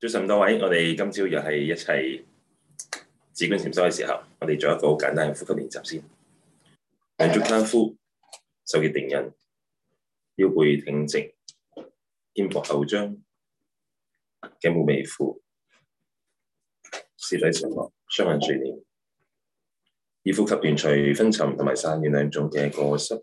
早晨多位，我哋今朝又係一齊止觀禪修嘅時候，我哋做一個好簡單嘅呼吸練習先。兩足跏趺，手 結樂定印，腰背挺直，肩膊後張，頸部微舒，視體正落，雙眼垂簾，以呼吸斷除昏沉同埋散亂兩種嘅過失。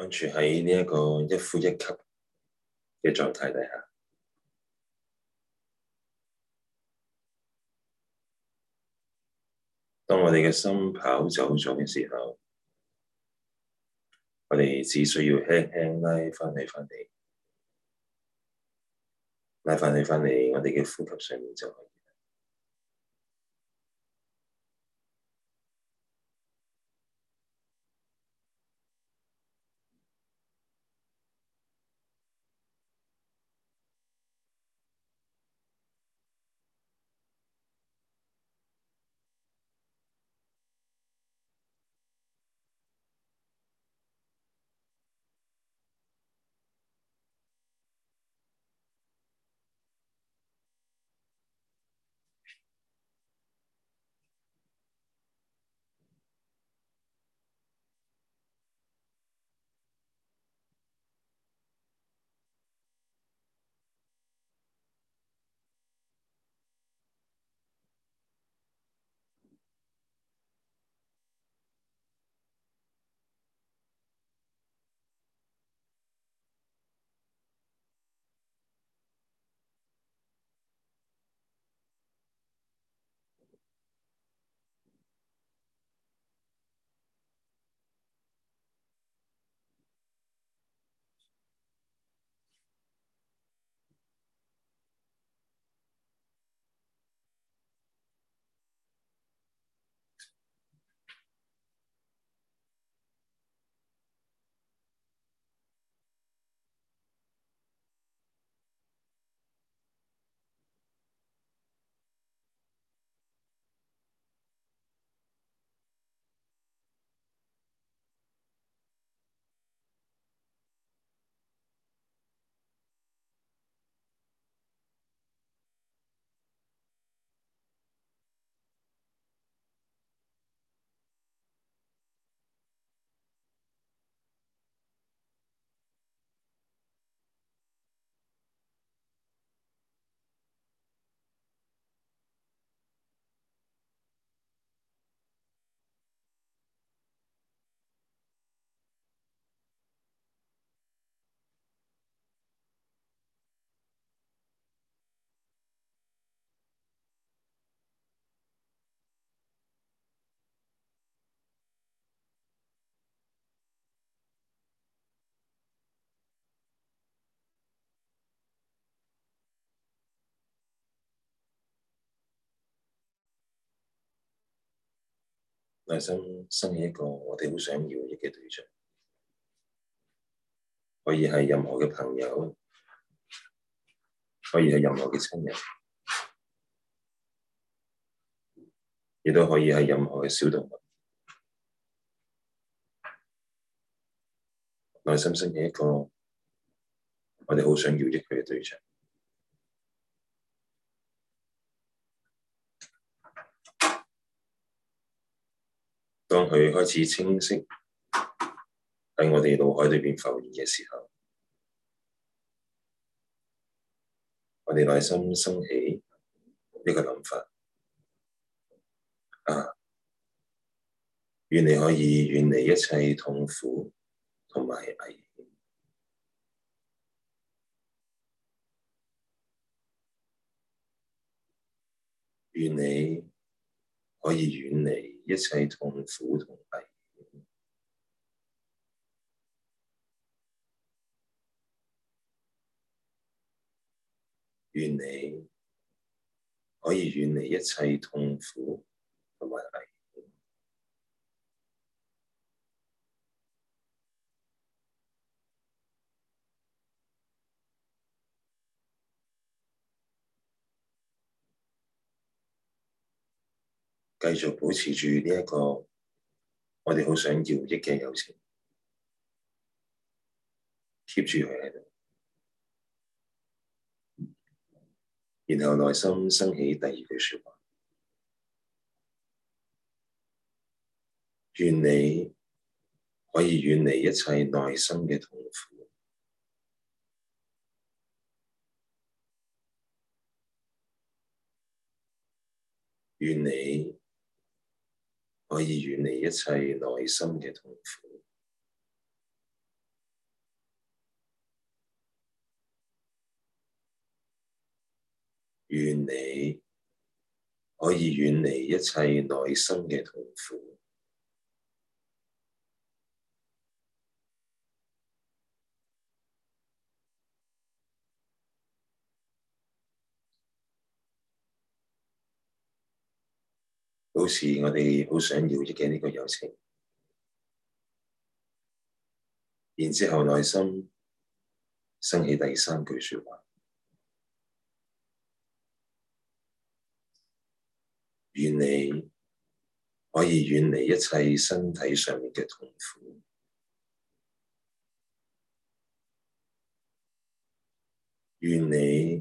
安住喺呢一個一呼一吸嘅狀態底下，當我哋嘅心跑走咗嘅時候，我哋只需要輕輕拉返你返嚟，拉返你返嚟，我哋嘅呼吸上面就可以。內心生起一個我哋好想要益嘅對象，可以係任何嘅朋友，可以係任何嘅親人，亦都可以係任何嘅小動物。內心生起一個我哋好想要益佢嘅對象。當佢開始清晰喺我哋腦海裏邊浮現嘅時候，我哋內心升起一個諗法：啊，願你可以遠離一切痛苦同埋危險，願你可以遠離。一切痛苦同危險，願你可以遠離一切痛苦同危險。繼續保持住呢一個我哋好想要益嘅有情，keep 住佢喺度，然後內心升起第二句説話：願你可以遠離一切內心嘅痛苦，願你。可以遠離一切內心嘅痛苦。遠離，可以遠離一切內心嘅痛苦。好似我哋好想要嘅呢個友情，然之後內心升起第三句說話：願你可以遠離一切身體上面嘅痛苦，願你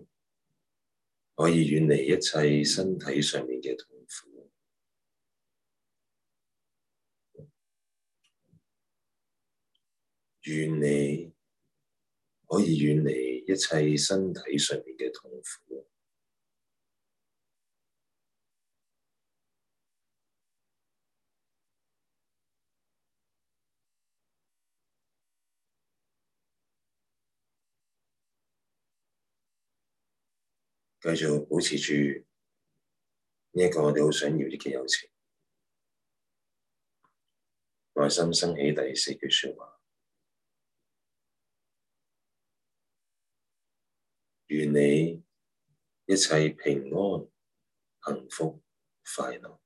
可以遠離一切身體上面嘅痛苦。」願你可以遠離一切身體上面嘅痛苦，繼續保持住呢一個我好想要嘅友情，內心升起第四句說話。願你一切平安、幸福、快樂。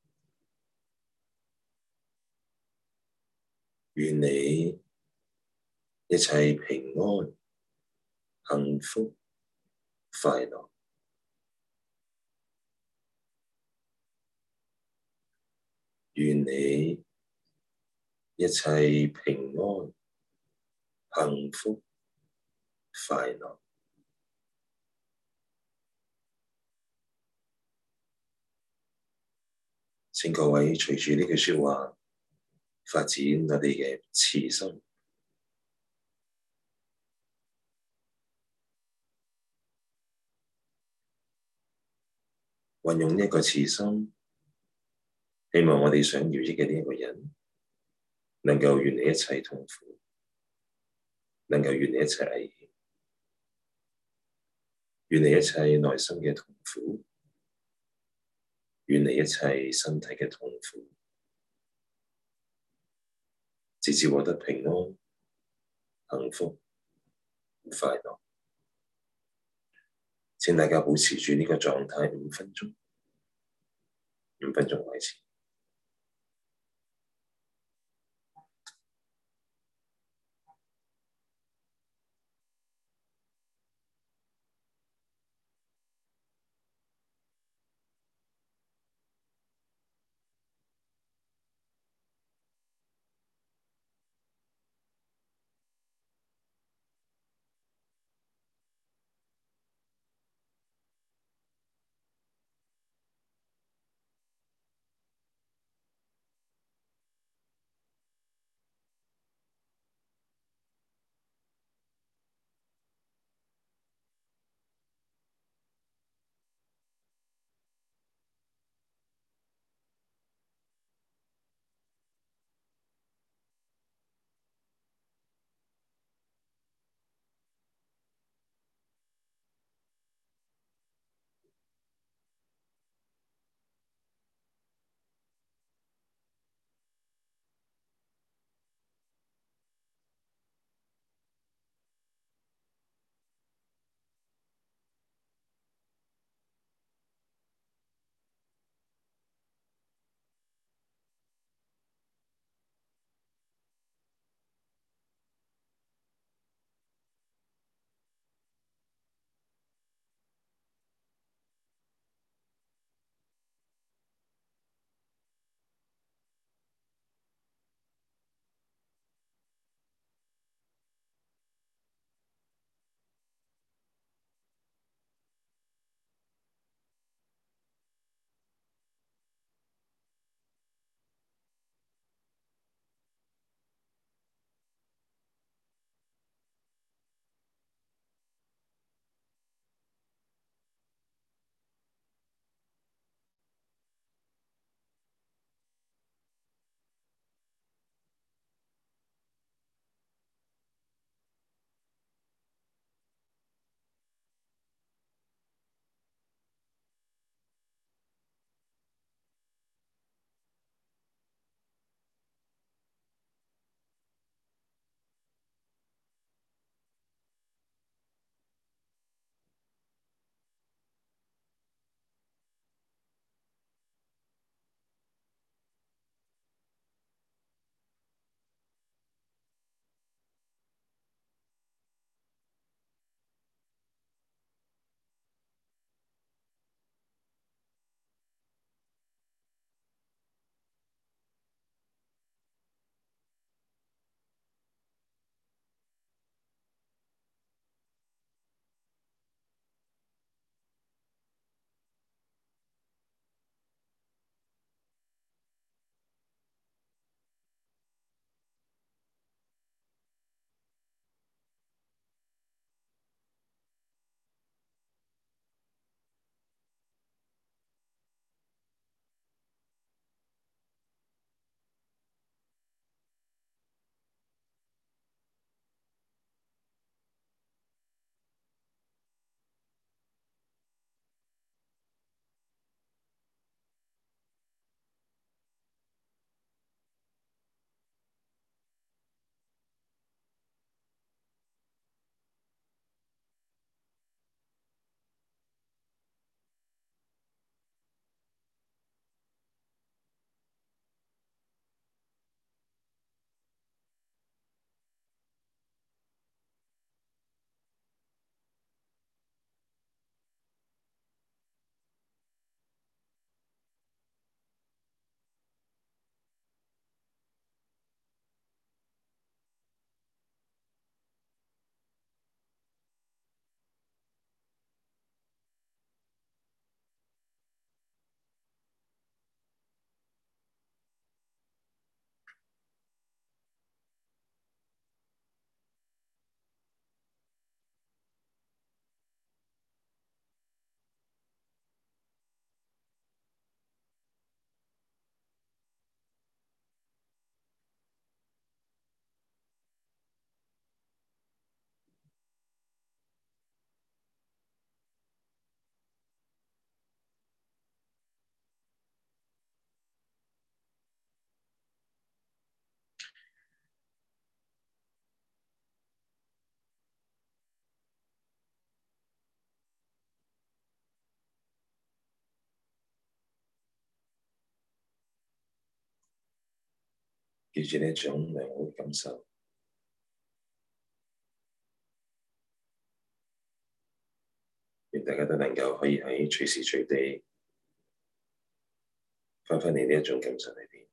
願你一切平安、幸福、快樂。願你一切平安、幸福、快樂。請各位隨住呢句説話發展我哋嘅慈心，運用呢一個慈心，希望我哋想利益嘅呢一個人，能夠遠離一切痛苦，能夠遠離一切危險，遠離一切內心嘅痛苦。遠離一切身體嘅痛苦，直至獲得平安、幸福、快樂。請大家保持住呢個狀態五分鐘，五分鐘開始。記住呢一種良好嘅感受，令大家都能夠可以喺隨時隨地翻返你呢一種感受裏邊，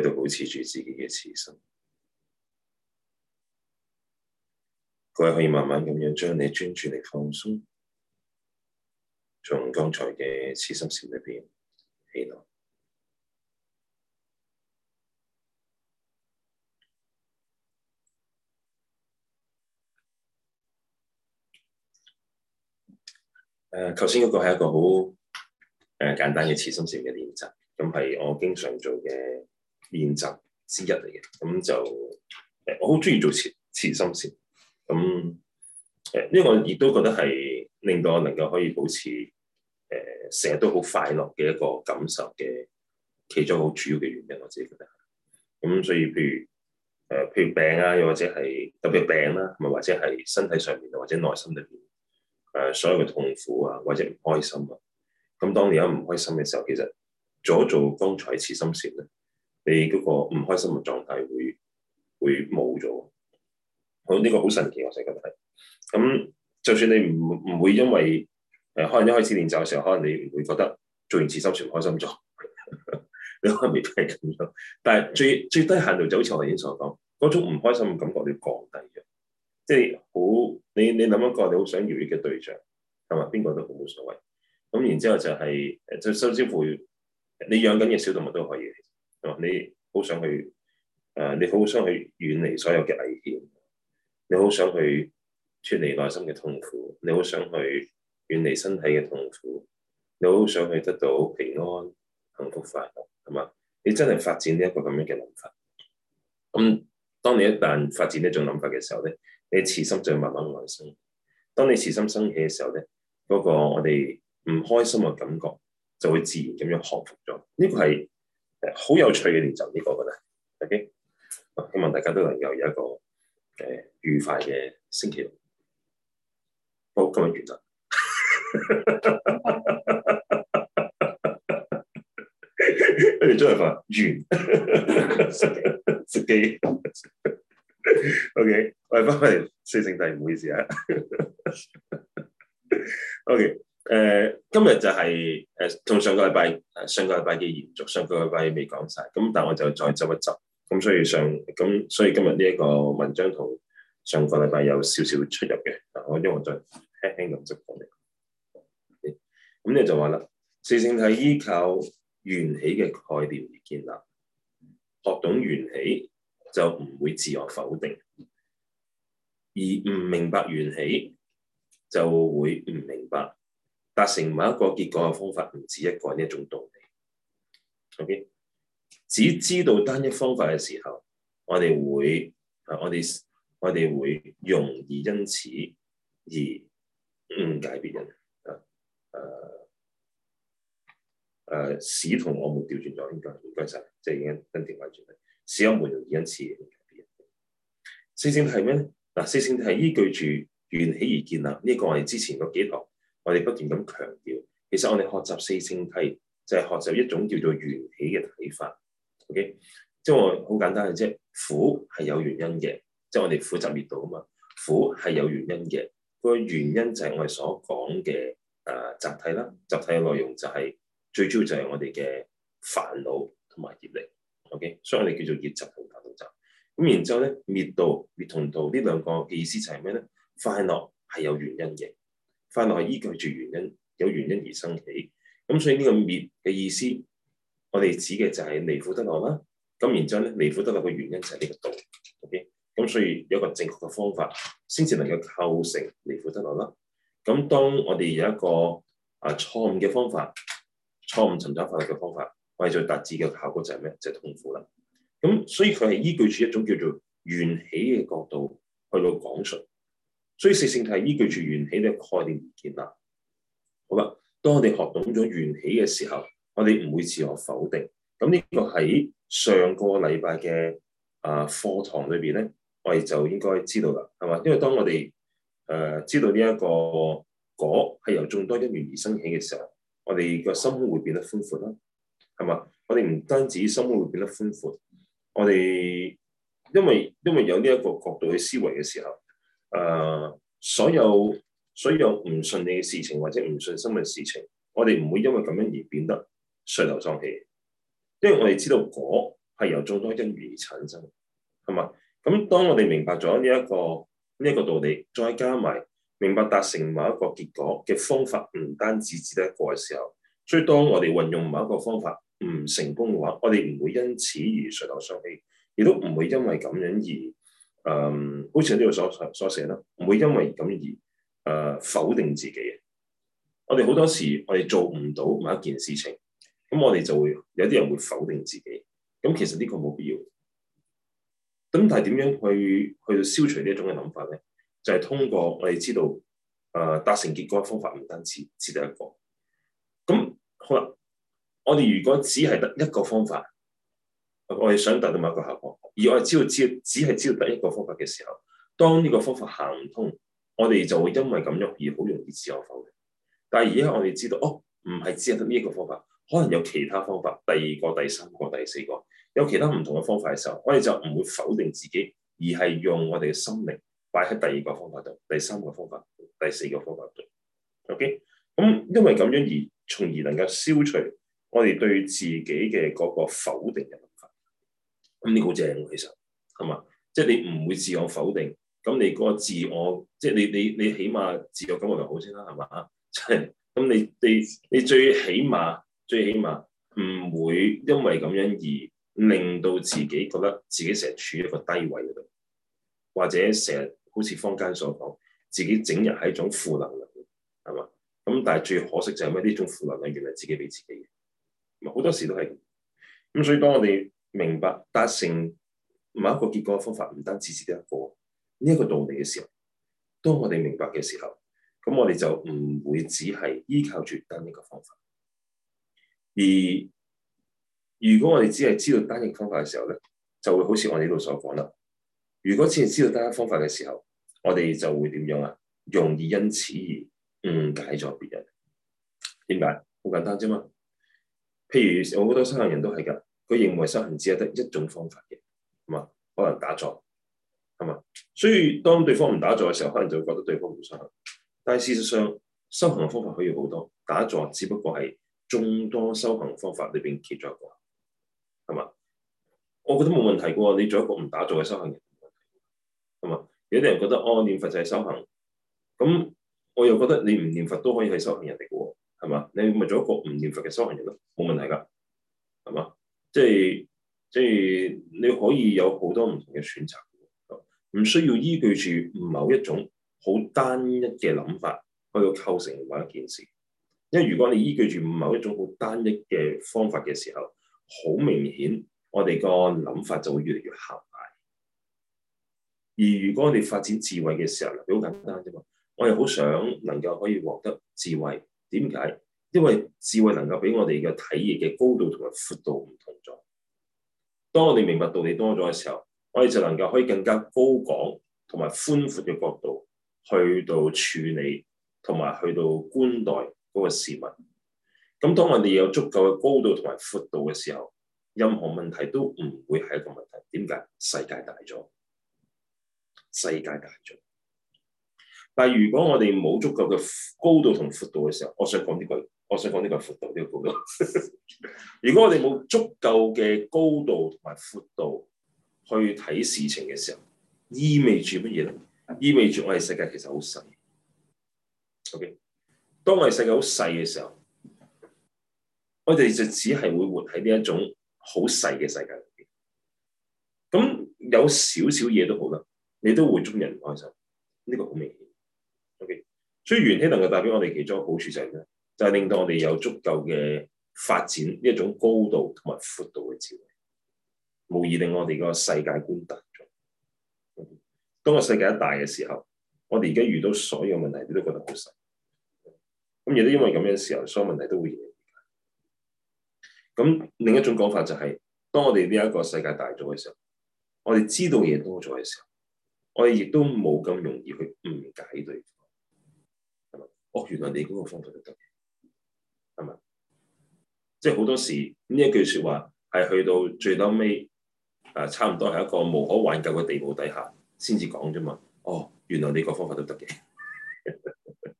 去到保持住自己嘅慈心。各位可以慢慢咁樣將你專注力放鬆，從剛才嘅慈心線裏邊起來。誒，頭先嗰個係一個好誒、呃、簡單嘅慈心善嘅練習，咁係我經常做嘅練習之一嚟嘅。咁就誒、呃，我好中意做慈慈心善，咁誒、呃，因為我亦都覺得係令到我能夠可以保持誒成日都好快樂嘅一個感受嘅其中好主要嘅原因，我自己覺得係。咁所以譬如誒、呃，譬如病啊，又或者係特別病啦、啊，同埋或者係身體上面，或者內心裏面。誒所有嘅痛苦啊，或者唔開心啊，咁當你有唔開心嘅時候，其實做一做剛才慈心禪咧，你嗰個唔開心嘅狀態會會冇咗。好、這、呢個好神奇，我成日覺得咁就算你唔唔會因為誒，可能一開始練習嘅時候，可能你唔會覺得做完慈心禪開心咗，你可能未必係咁樣。但係最最低限度就好似我頭先所講，嗰種唔開心嘅感覺你要降低咗。即係好，你你諗一個你好想要嘅對象，係嘛？邊個都好，冇所謂。咁然之後就係、是，誒，即係甚至乎，你養緊嘅小動物都可以。哦，你好想去，誒、呃，你好想去遠離所有嘅危險，你好想去脫離內心嘅痛苦，你好想去遠離身體嘅痛苦，你好想去得到平安、幸福、快樂，係嘛？你真係發展呢一個咁樣嘅諗法。咁當你一旦發展呢種諗法嘅時候咧。你慈心就會慢慢生。當你慈心生起嘅時候咧，嗰、那個我哋唔開心嘅感覺就會自然咁樣克服咗。呢、這個係誒好有趣嘅練習，呢、這個嘅啦。OK，希望大家都能夠有一個誒、呃、愉快嘅星期六。好，今日完啦。跟住話完？ 食雞？食雞？ O K，我翻翻嚟四聖諦，唔好意思啊。O K，誒，今日就係、是、誒，同、呃、上個禮拜上個禮拜嘅延續，上個禮拜未講晒，咁但係我就再執一執，咁所以上咁所以今日呢一個文章同上個禮拜有少少出入嘅，嗱我因為我再輕輕咁執翻嚟，咁、okay? 你就話啦，四聖諦依靠緣起嘅概念而建立，學懂緣起。就唔會自我否定，而唔明白緣起，就會唔明白達成某一個結果嘅方法唔止一個呢一種道理。O.K. 只知道單一方法嘅時候，我哋會啊，我哋我哋會容易因此而誤解別人。啊，誒、啊、誒，史同我冇調轉咗，應該應該晒，即係已經跟調返轉嚟。等四恩門容易一次嘅，四聖諦係咩咧？嗱，四聖諦係依據住緣起而建立」這。呢個我哋之前嗰幾堂，我哋不斷咁強調。其實我哋學習四聖諦，就係、是、學習一種叫做緣起嘅睇法。O、okay? K，即係我好簡單嘅啫。苦係有原因嘅，即係我哋苦集滅道啊嘛。苦係有原因嘅，個原,原因就係我哋所講嘅誒集諦啦。集諦嘅內容就係、是、最主要就係我哋嘅煩惱同埋業力。Okay, 所以我哋叫做業疾同，同道道集。咁然之後咧滅道滅同道呢兩個嘅意思就係咩咧？快樂係有原因嘅，快樂係依據住原因，有原因而生起。咁所以呢個滅嘅意思，我哋指嘅就係離苦得樂啦。咁然之後咧，離苦得樂嘅原因就係呢個道。O K，咁所以有一個正確嘅方法，先至能夠構成離苦得樂啦。咁當我哋有一個啊錯誤嘅方法，錯誤尋找快樂嘅方法。我哋就達至嘅效果就係咩？就係、是、痛苦啦。咁所以佢係依據住一種叫做緣起嘅角度去到講述，所以四聖諦係依據住緣起嘅概念而建立。好啦，當我哋學懂咗緣起嘅時候，我哋唔會自我否定。咁呢個喺上個禮拜嘅啊、呃、課堂裏邊咧，我哋就應該知道啦，係嘛？因為當我哋誒、呃、知道呢一個果係由眾多因緣而生起嘅時候，我哋個心會變得寬闊啦。係嘛？我哋唔單止生活會變得寬闊，我哋因為因為有呢一個角度去思維嘅時候，誒、呃，所有所有唔順利嘅事情或者唔順心嘅事情，我哋唔會因為咁樣而變得垂頭喪氣，因為我哋知道果係由眾多因緣而產生，係嘛？咁當我哋明白咗呢一個呢一個道理，再加埋明白達成某一個結果嘅方法，唔單止只得一個嘅時候。所以當我哋運用某一個方法唔成功嘅話，我哋唔會因此而垂頭喪氣，亦都唔會因為咁樣而，誒、嗯，好似呢度所所寫啦，唔會因為咁而誒、呃、否定自己。我哋好多時，我哋做唔到某一件事情，咁我哋就會有啲人會否定自己。咁其實呢個冇必要。咁但係點樣去去消除呢一種嘅諗法咧？就係、是、通過我哋知道，誒、呃，達成結果嘅方法唔單止只有一個。好啦，我哋如果只係得一個方法，我哋想達到某一個效果，而我哋只要只係知道得一個方法嘅時候，當呢個方法行唔通，我哋就會因為咁樣而好容易自我否定。但係而家我哋知道，哦，唔係只係得呢一個方法，可能有其他方法，第二個、第三個、第四個，有其他唔同嘅方法嘅時候，我哋就唔會否定自己，而係用我哋嘅心靈擺喺第二個方法度、第三個方法度、第四個方法度。OK，咁、嗯、因為咁樣而。從而能夠消除我哋對自己嘅嗰個否定嘅諗法，咁、嗯、呢、呢個好正喎，其實，係嘛？即係你唔會自我否定，咁你嗰個自我，即係你你你起碼自我感覺良好先啦，係嘛？即係咁你你你最起碼最起碼唔會因為咁樣而令到自己覺得自己成日處於一個低位嗰度，或者成日好似坊間所講，自己整日係一種負能量，係嘛？咁但係最可惜就係咩？呢種負能量原嚟，自己俾自己嘅，好多時都係咁。咁所以當我哋明白達成某一個結果嘅方法唔單止只得一個呢一個道理嘅時候，當我哋明白嘅時候，咁我哋就唔會只係依靠住單一個方法。而如果我哋只係知道單一個方法嘅時候咧，就會好似我呢度所講啦。如果只係知道單一個方法嘅時候，我哋就會點樣啊？容易因此而。誤、嗯、解咗別人，點解？好簡單啫嘛。譬如我好多修行人都係噶，佢認為修行只係得一種方法嘅，係嘛？可能打坐，係嘛？所以當對方唔打坐嘅時候，可能就會覺得對方唔修行。但係事實上，修行嘅方法可以好多，打坐只不過係眾多修行方法裏邊其中一個，係嘛？我覺得冇問題噶，你做一個唔打坐嘅修行人，係嘛？有啲人覺得哦，念佛就係修行，咁。我又覺得你唔念佛都可以係修行人嚟嘅喎，係嘛？你咪做一個唔念佛嘅修行人咯，冇問題㗎，係嘛？即係即係你可以有好多唔同嘅選擇，唔需要依據住某一種好單一嘅諗法去到構成某一件事。因為如果你依據住某一種好單一嘅方法嘅時候，好明顯我哋個諗法就會越嚟越狹隘。而如果你發展智慧嘅時候，就好簡單啫嘛。我哋好想能夠可以獲得智慧，點解？因為智慧能夠俾我哋嘅體認嘅高度同埋闊度唔同咗。當我哋明白道理多咗嘅時候，我哋就能夠可以更加高廣同埋寬闊嘅角度去到處理同埋去到觀待嗰個事物。咁當我哋有足夠嘅高度同埋闊度嘅時候，任何問題都唔會係一個問題。點解？世界大咗，世界大咗。但係如果我哋冇足夠嘅高度同闊度嘅時候，我想講呢句，我想講呢句闊度呢個高度。這個這個這個、呵呵 如果我哋冇足夠嘅高度同埋闊度去睇事情嘅時候，意味住乜嘢咧？意味住我哋世界其實好細。O、okay? K，當我哋世界好細嘅時候，我哋就只係會活喺呢一種好細嘅世界裏邊。咁有少少嘢都好啦，你都會捉人唔開心，呢、這個好明顯。所以緣起能夠帶俾我哋其中一個好處就係咩？就係、是、令到我哋有足夠嘅發展呢一種高度同埋闊度嘅智慧，無疑令我哋個世界觀大咗、嗯。當個世界一大嘅時候，我哋而家遇到所有問題，你都覺得好細。咁、嗯、亦都因為咁樣嘅時候，所有問題都會迎刃而解。咁另一種講法就係、是，當我哋呢一個世界大咗嘅時候，我哋知道嘢多咗嘅時候，我哋亦都冇咁容易去誤解對方。哦，原來你嗰個方法都得嘅，係咪？即係好多時呢一句説話係去到最撚尾，誒、啊，差唔多係一個無可挽救嘅地步底下先至講啫嘛。哦，原來你個方法都得嘅。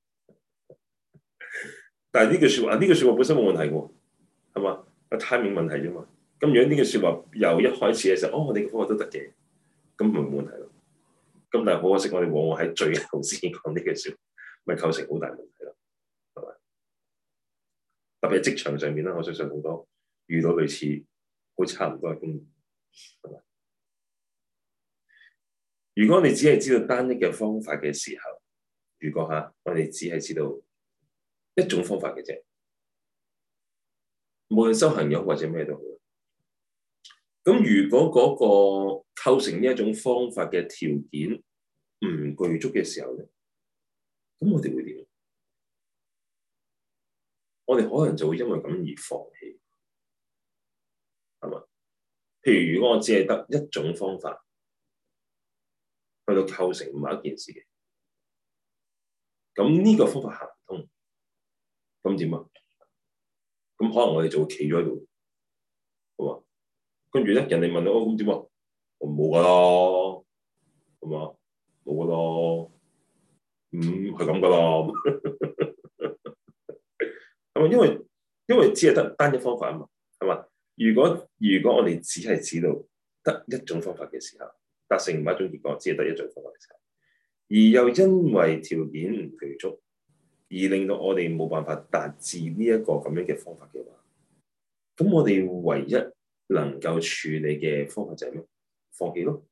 但係呢句説話，呢、啊、句説話本身冇問題嘅，係嘛？timing 問題啫嘛。咁樣呢句説話由一開始嘅時候，哦，你個方法都得嘅，咁咪冇問題咯。咁但係好可惜，我哋往往喺最後先講呢句説。咪構成好大問題咯，係咪？特別喺職場上面啦，我相信好多遇到類似，都差唔多係咪？如果你只係知道單一嘅方法嘅時候，如果吓我哋只係知道一種方法嘅啫，無論修行有或者咩都好，咁如果嗰個構成呢一種方法嘅條件唔具足嘅時候咧？咁我哋會點？我哋可能就會因為咁而放棄，係嘛？譬如如果我只係得一種方法去到構成某一件事嘅，咁呢個方法行唔通，咁點啊？咁可能我哋就會企咗喺度，好嘛？跟住咧，人哋問我：哦，咁點啊？冇噶咯，係嘛？冇噶咯。嗯，係咁噶咯。咁 啊，因為因為只係得單一方法啊嘛，係嘛？如果如果我哋只係知道得一種方法嘅時候，達成某一種結果，只係得一種方法嘅時候，而又因為條件唔具足，而令到我哋冇辦法達至呢一個咁樣嘅方法嘅話，咁我哋唯一能夠處理嘅方法就係咩？放棄咯，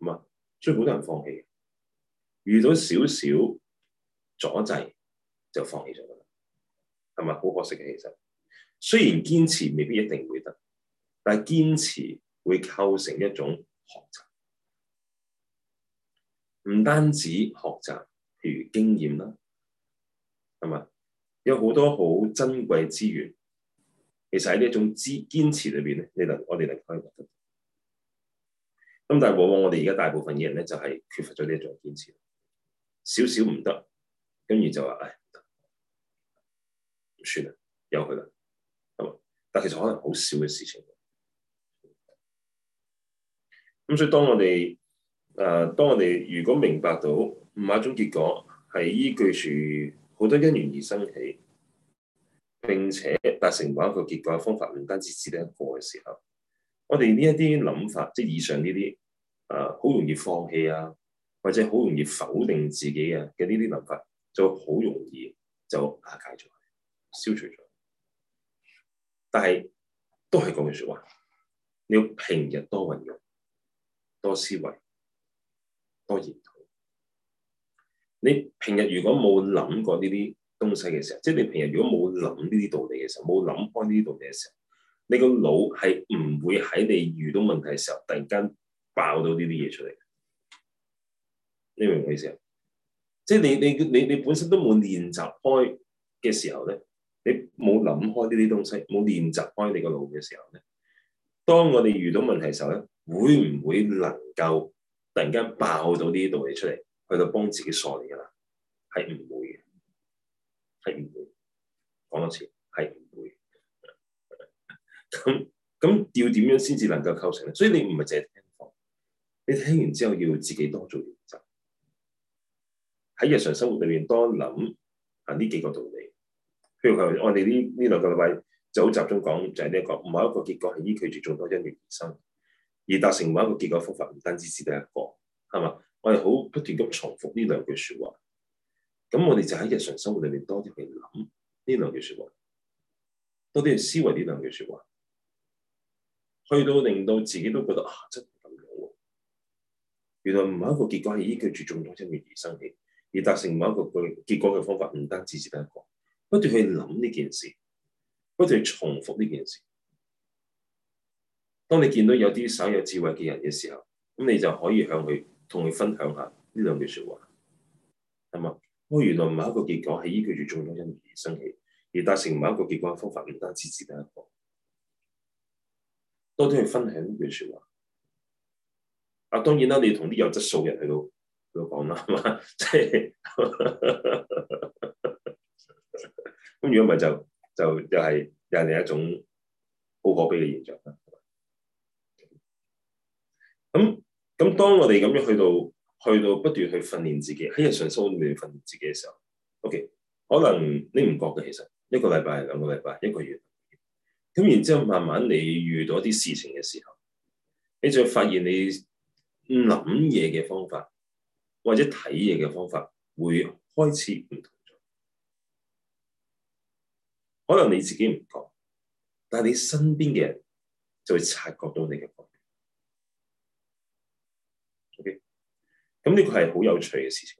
係嘛？所以好多人放棄遇到少少。阻滯就放棄咗㗎喇，係咪好可惜嘅？其實雖然堅持未必一定會得，但係堅持會構成一種學習，唔單止學習，譬如經驗啦，係咪有好多好珍貴資源？其實喺呢一種支堅持裏邊咧，你能我哋嚟可以得。咁但係往往我哋而家大部分嘅人咧，就係、是、缺乏咗呢一種堅持，少少唔得。跟住就話，唉、哎，算啦，由佢啦。咁但其實可能好少嘅事情。咁所以當我哋，誒、呃，當我哋如果明白到某一種結果係依據住好多因緣而生起，並且達成某一個結果嘅方法，唔單止只，只得一個嘅時候，我哋呢一啲諗法，即係以上呢啲，誒、呃，好容易放棄啊，或者好容易否定自己啊嘅呢啲諗法，就好容易就瓦解咗、消除咗，但係都係嗰句說話，你要平日多運用、多思維、多研討。你平日如果冇諗過呢啲東西嘅時候，即係你平日如果冇諗呢啲道理嘅時候，冇諗開呢啲道理嘅時候，你個腦係唔會喺你遇到問題嘅時候，突然間爆到呢啲嘢出嚟。你明唔明我意思啊？即係你你你你本身都冇練習開嘅時候咧，你冇諗開呢啲東西，冇練習開你個腦嘅時候咧，當我哋遇到問題嘅時候咧，會唔會能夠突然間爆到呢啲道理出嚟，去到幫自己傻你噶啦？係唔會嘅，係唔會。講多次，係唔會。咁 咁要點樣先至能夠構成咧？所以你唔係淨係聽講，你聽完之後要自己多做喺日常生活裏面多諗啊！呢幾個道理，譬如我哋呢呢兩個禮拜就好集中講就係呢一個，唔係一個結果係依靠住眾多因緣而生，而達成某一個結果方法唔單止只得一個，係嘛？我哋好不斷咁重複呢兩句説話，咁我哋就喺日常生活裏面多啲去諗呢兩句説話，多啲去思維呢兩句説話，去到令到自己都覺得啊，真係咁樣喎！原來唔係一個結果係依靠住眾多因緣而生嘅。而達成某一個結結果嘅方法唔單止只得一個，不斷去諗呢件事，不斷去重複呢件事。當你見到有啲稍有智慧嘅人嘅時候，咁你就可以向佢同佢分享下呢兩句説話，係嘛？佢原來某一個結果係依據住重要因而而生起，而達成某一個結果嘅方法唔單止只得一個。多啲去分享呢句説話。啊，當然啦，你同啲有質素嘅人去咯。都講啦，係 嘛？ 咁如果唔係就就又係另一種好可悲嘅現象啦。咁咁當我哋咁樣去到去到不斷去訓練自己，喺日常生活中訓練自己嘅時候，OK，可能你唔覺嘅，其實一個禮拜、兩個禮拜、一個月，咁然之後慢慢你遇到一啲事情嘅時候，你就發現你諗嘢嘅方法。或者睇嘢嘅方法會開始唔同咗，可能你自己唔覺，但係你身邊嘅人就會察覺到你嘅改變。OK，咁呢個係好有趣嘅事情。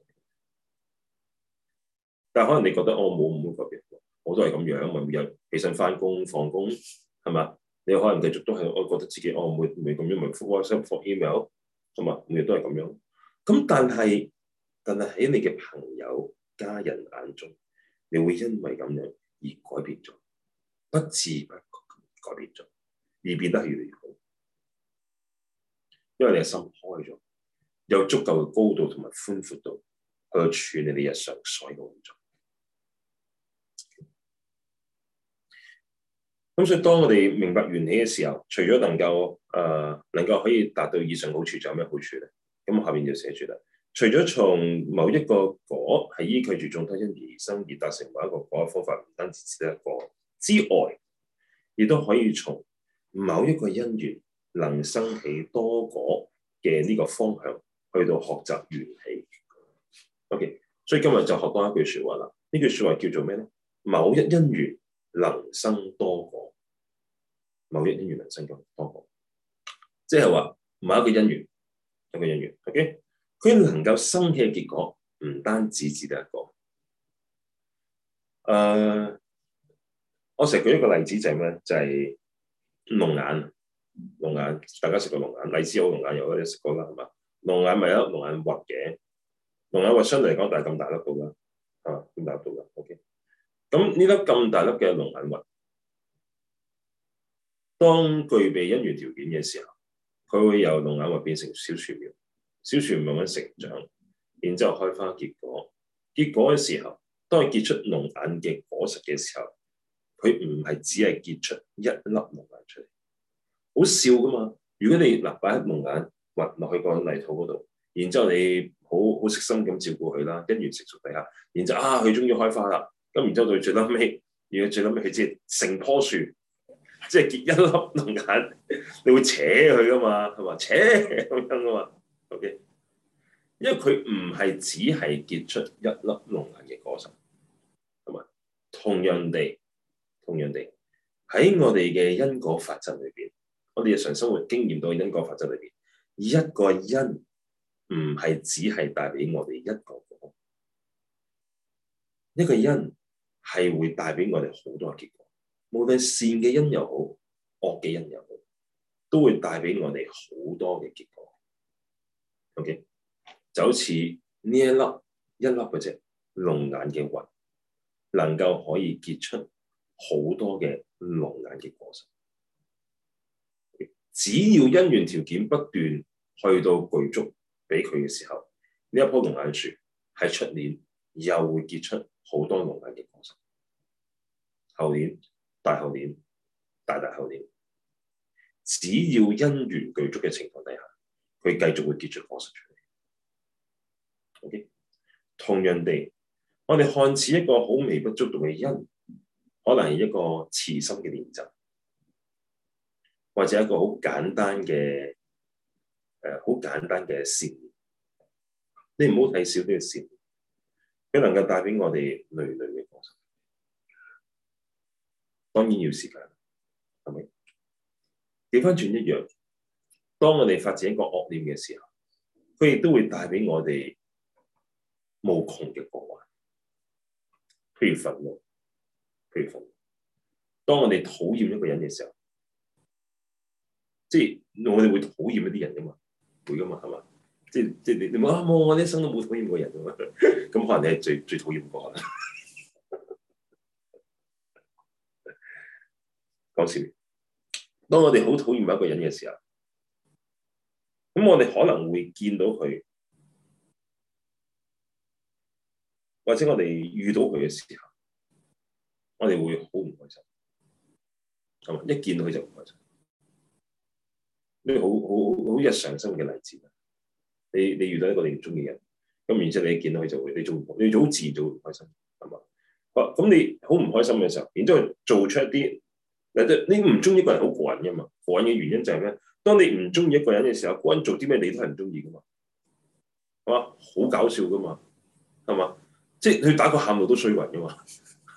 但係可能你覺得、哦、我冇唔會改變，我都係咁樣，咪每日起身翻工放工係嘛？你可能繼續都係我覺得自己我，唔會咁樣咪覆 WhatsApp、覆 email，同埋每日都係咁樣。咁但係，但係喺你嘅朋友、家人眼中，你會因為咁樣而改變咗，不知不覺改變咗，而變得係越嚟越好，因為你嘅心開咗，有足夠嘅高度同埋寬闊度去處理你日常所有嘅工作。咁、okay. 所以當我哋明白緣起嘅時候，除咗能夠誒、呃，能夠可以達到以上好處，仲有咩好處咧？咁下面就寫住啦。除咗從某一個果係依靠住眾多因而生，而達成某一個果嘅方法，唔單止只得一個之外，亦都可以從某一個因緣能生起多果嘅呢個方向去到學習緣起。OK，所以今日就學多一句説話啦。呢句説話叫做咩咧？某一因緣能生多果，某一因緣能生多果，即係話某一個因緣。一個因緣，O K，佢能夠生嘅結果唔單止只得一個。誒，uh，我成日舉一個例子就係咩？就係龍眼，龍眼，大家食過龍眼，荔枝有龍眼有，你食過啦係嘛？龍眼咪有龍眼核嘅，龍眼核相對嚟講，但係咁大粒到啦，係嘛？咁大粒到啦，O K。咁呢粒咁大粒嘅龍眼核，當具備因緣條件嘅時候。佢會由龍眼核變成小樹苗，小樹苗慢慢成長，然之後開花結果。結果嘅時候，當佢結出龍眼嘅果實嘅時候，佢唔係只係結出一粒龍眼出嚟，好笑噶嘛？如果你嗱擺喺龍眼揼落去個泥土嗰度，然之後你好好悉心咁照顧佢啦，跟住成熟地下，然之後啊佢終於開花啦，咁然之後到最撚尾，如果最撚尾佢知成棵樹。即係結一粒龍眼，你會扯佢噶嘛？係嘛？扯咁樣噶嘛？OK，因為佢唔係只係結出一粒龍眼嘅果實，係嘛？同樣地，嗯、同樣地，喺我哋嘅因果法則裏邊，我哋日常生活經驗到嘅因果法則裏邊，一個因唔係只係帶俾我哋一個果，一個因係會帶俾我哋好多個結果。無論善嘅因又好，惡嘅因又好，都會帶俾我哋好多嘅結果。O.K. 就好似呢一粒一粒嗰隻龍眼嘅核，能夠可以結出好多嘅龍眼嘅果實。Okay? 只要因緣條件不斷去到具足俾佢嘅時候，呢一棵龍眼樹喺出年又會結出好多龍眼嘅果實，後年。大後年、大大後年，只要因緣具足嘅情況底下，佢繼續會結出果實出嚟。OK，同樣地，我哋看似一個好微不足道嘅因，可能係一個慈心嘅練習，或者一個好簡單嘅誒，好、呃、簡單嘅善。你唔好睇少呢個善，佢能夠帶俾我哋纍纍嘅當然要時間，係咪？調翻轉一樣，當我哋發展一個惡念嘅時候，佢亦都會帶俾我哋無窮嘅過患，譬如憤怒，譬如憤怒。當我哋討厭一個人嘅時候，即係我哋會討厭一啲人噶嘛，會噶嘛，係嘛？即係即係你冇話冇我一生都冇討厭過人噶嘛？咁可能你係最最討厭個啦。 講當我哋好討厭一個人嘅時候，咁我哋可能會見到佢，或者我哋遇到佢嘅時候，我哋會好唔開心，係嘛？一見到佢就唔開心，呢個好好好日常生活嘅例子啦。你你遇到一個你唔中意嘅人，咁然之後你見到佢就會，你中意，你好自然就會唔開心，係嘛？好，咁你好唔開心嘅時候，然之後做出一啲。你唔中意一個人好過癮嘅嘛？過癮嘅原因就係咩？當你唔中意一個人嘅時候，個人做啲咩你都係唔中意嘅嘛？係嘛？好搞笑嘅嘛？係嘛？即係你打個喊路都衰過人嘅嘛？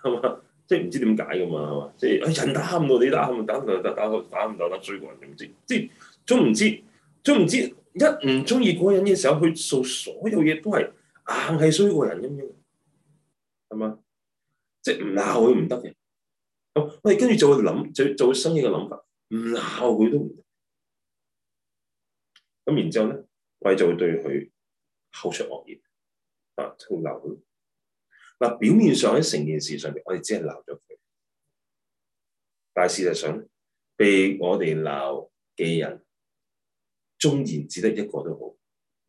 係嘛？即係唔知點解嘅嘛？係嘛？即係人打喊路，你打喊路打打打打唔到，打衰過人點知？即係總唔知總唔知一唔中意嗰個人嘅時候，佢做所有嘢都係硬係衰過人咁樣，係嘛？即係唔鬧佢唔得嘅。我我哋跟住就會諗做做生意嘅諗法，唔鬧佢都唔得。咁然之後咧，我哋就會對佢口出惡言，啊，就鬧佢。嗱、啊，表面上喺成件事上面，我哋只係鬧咗佢，但係事實上咧，被我哋鬧嘅人，縱然只得一個都好，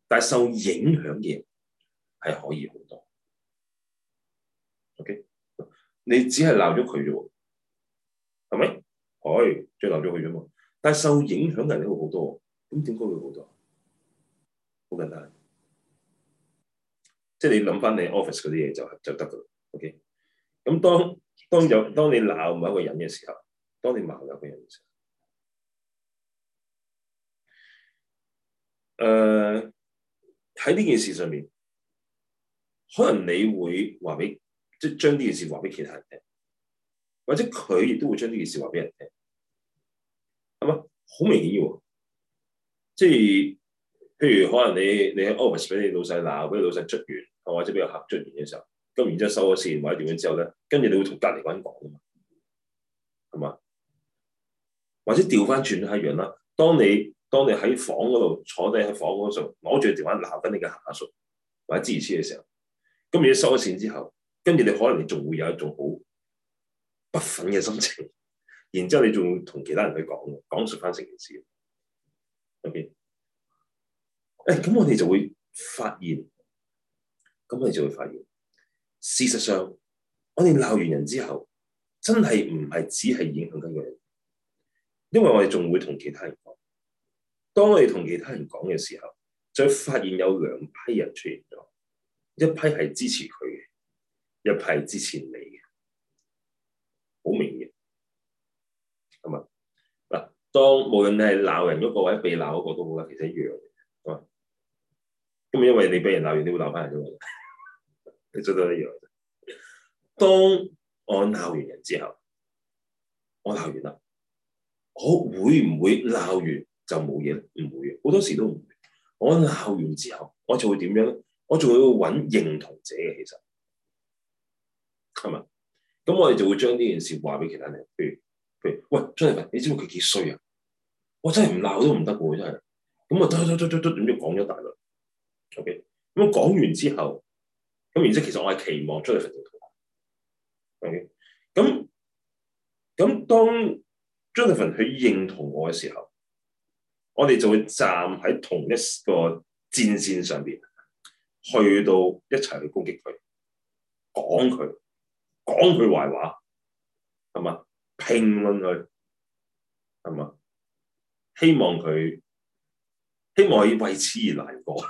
但係受影響嘅人，係可以好多。OK，你只係鬧咗佢啫。係咪？佢、哦、最留咗佢咗嘛！但係受影響嘅人都會好多，咁點解會好多？好簡單，即係你諗翻你 office 嗰啲嘢就就得噶啦。OK，咁、嗯、當當有當你鬧某一個人嘅時候，當你鬧某一個人嘅時候，誒喺呢件事上面，可能你會話俾即係將呢件事話俾其他人聽。或者佢亦都會將呢件事話俾人聽，係嘛？好明顯喎，即係譬如可能你你喺 office 俾你老細鬧，俾你老細捽完，或者俾個客捽完嘅時候，咁然之後收咗線或者電話之後咧，跟住你會同隔離嗰人講㗎嘛，係嘛？或者調翻轉係一樣啦。當你當你喺房嗰度坐低喺房嗰度攞住電話鬧緊你嘅下屬或者支持師嘅時候，咁如果收咗線之後，跟住你可能你仲會有一種好不忿嘅心情，然之後你仲會同其他人去講嘅，講述翻成件事，入邊，誒、哎，咁我哋就會發現，咁我哋就會發現，事實上，我哋鬧完人之後，真係唔係只係影響緊佢，因為我哋仲會同其他人講，當我哋同其他人講嘅時候，就會發現有兩批人出現咗，一批係支持佢嘅，一批係支，支持你嘅。當無論你係鬧人嗰個或者被鬧嗰個都好啦，其實一樣嘅。咁啊，因為你俾人鬧完，你會鬧翻人嘅嘛， 你做得一樣。當我鬧完人之後，我鬧完啦，我會唔會鬧完就冇嘢？唔會嘅，好多時都唔會。我鬧完之後，我就會點樣咧？我仲會搵認同者嘅，其實係咪？咁我哋就會將呢件事話俾其他人，譬如譬如喂張逸凡，你知唔知佢幾衰啊？我真係唔鬧都唔得嘅，真係。咁啊，嘟嘟嘟嘟嘟，點知講咗大輪？O K。咁講完之後，咁然之後，其實我係期望 Jonathan 認同我。O K。咁咁當 Jonathan 佢認同我嘅、okay? 時候，我哋就會站喺同一個戰線上邊，去到一齊去攻擊佢，講佢，講佢壞話，係嘛？評論佢，係嘛？希望佢希望可以為此而難過，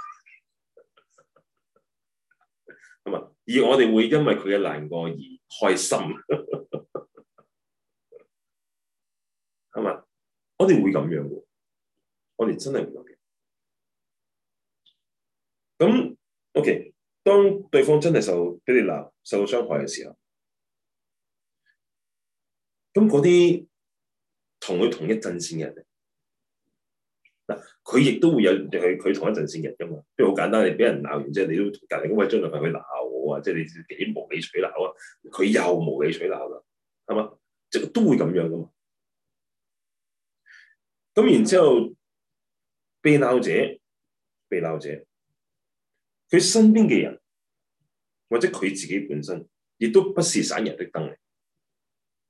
咁啊！而我哋會因為佢嘅難過而開心，咁 啊！ 我哋會咁樣嘅，我哋真係唔得嘅。咁 OK，當對方真係受俾你鬧、受到傷害嘅時候，咁嗰啲同佢同一陣線嘅人嗱，佢亦都會有佢佢同一陣線人噶嘛，即係好簡單，你俾人鬧完之後，你都隔離咁位張就係佢鬧我啊，即係你自己幾無理取鬧啊，佢又無理取鬧啦，係嘛，即係都會咁樣噶嘛。咁然之後，被鬧者，被鬧者，佢身邊嘅人或者佢自己本身，亦都不是省人的燈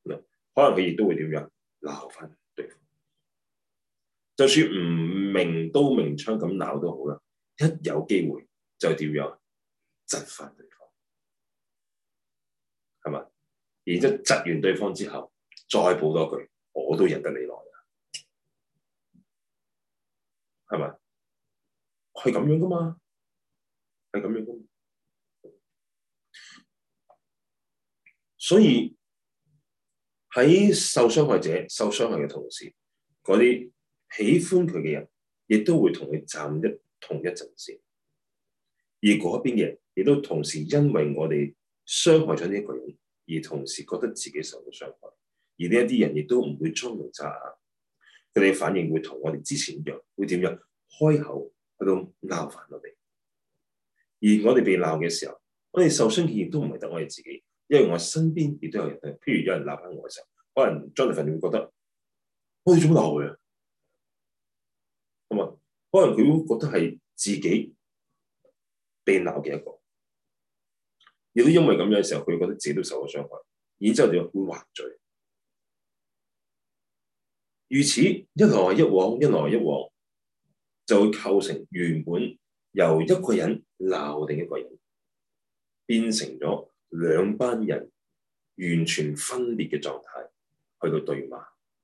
嚟，可能佢亦都會點樣鬧翻。就算唔明刀明槍咁鬧都好啦，一有機會就點樣啊窒返對方，係咪？然之後窒完對方之後，再補多句，我都忍得你耐啦，係咪？係咁樣噶嘛，係咁樣噶嘛。所以喺受傷害者受傷害嘅同時，嗰啲喜歡佢嘅人，亦都會同佢站一同一陣線，而嗰邊嘅人亦都同時因為我哋傷害咗呢一個人，而同時覺得自己受到傷害，而呢一啲人亦都唔會裝聾詐啞，佢哋反應會同我哋之前一樣，會點樣開口去到鬧翻我哋。而我哋被鬧嘅時候，我哋受傷嘅亦都唔係得我哋自己，因為我身邊亦都有人，譬如有人鬧翻我嘅時候，可能 Jonathan 會覺得我哋做乜鬧佢啊？可能佢都覺得係自己被鬧嘅一個，亦都因為咁樣嘅時候，佢覺得自己都受咗傷害，然之後就會還嘴。如此一來一往，一來一往，就會構成原本由一個人鬧定一個人，變成咗兩班人完全分裂嘅狀態去到對罵、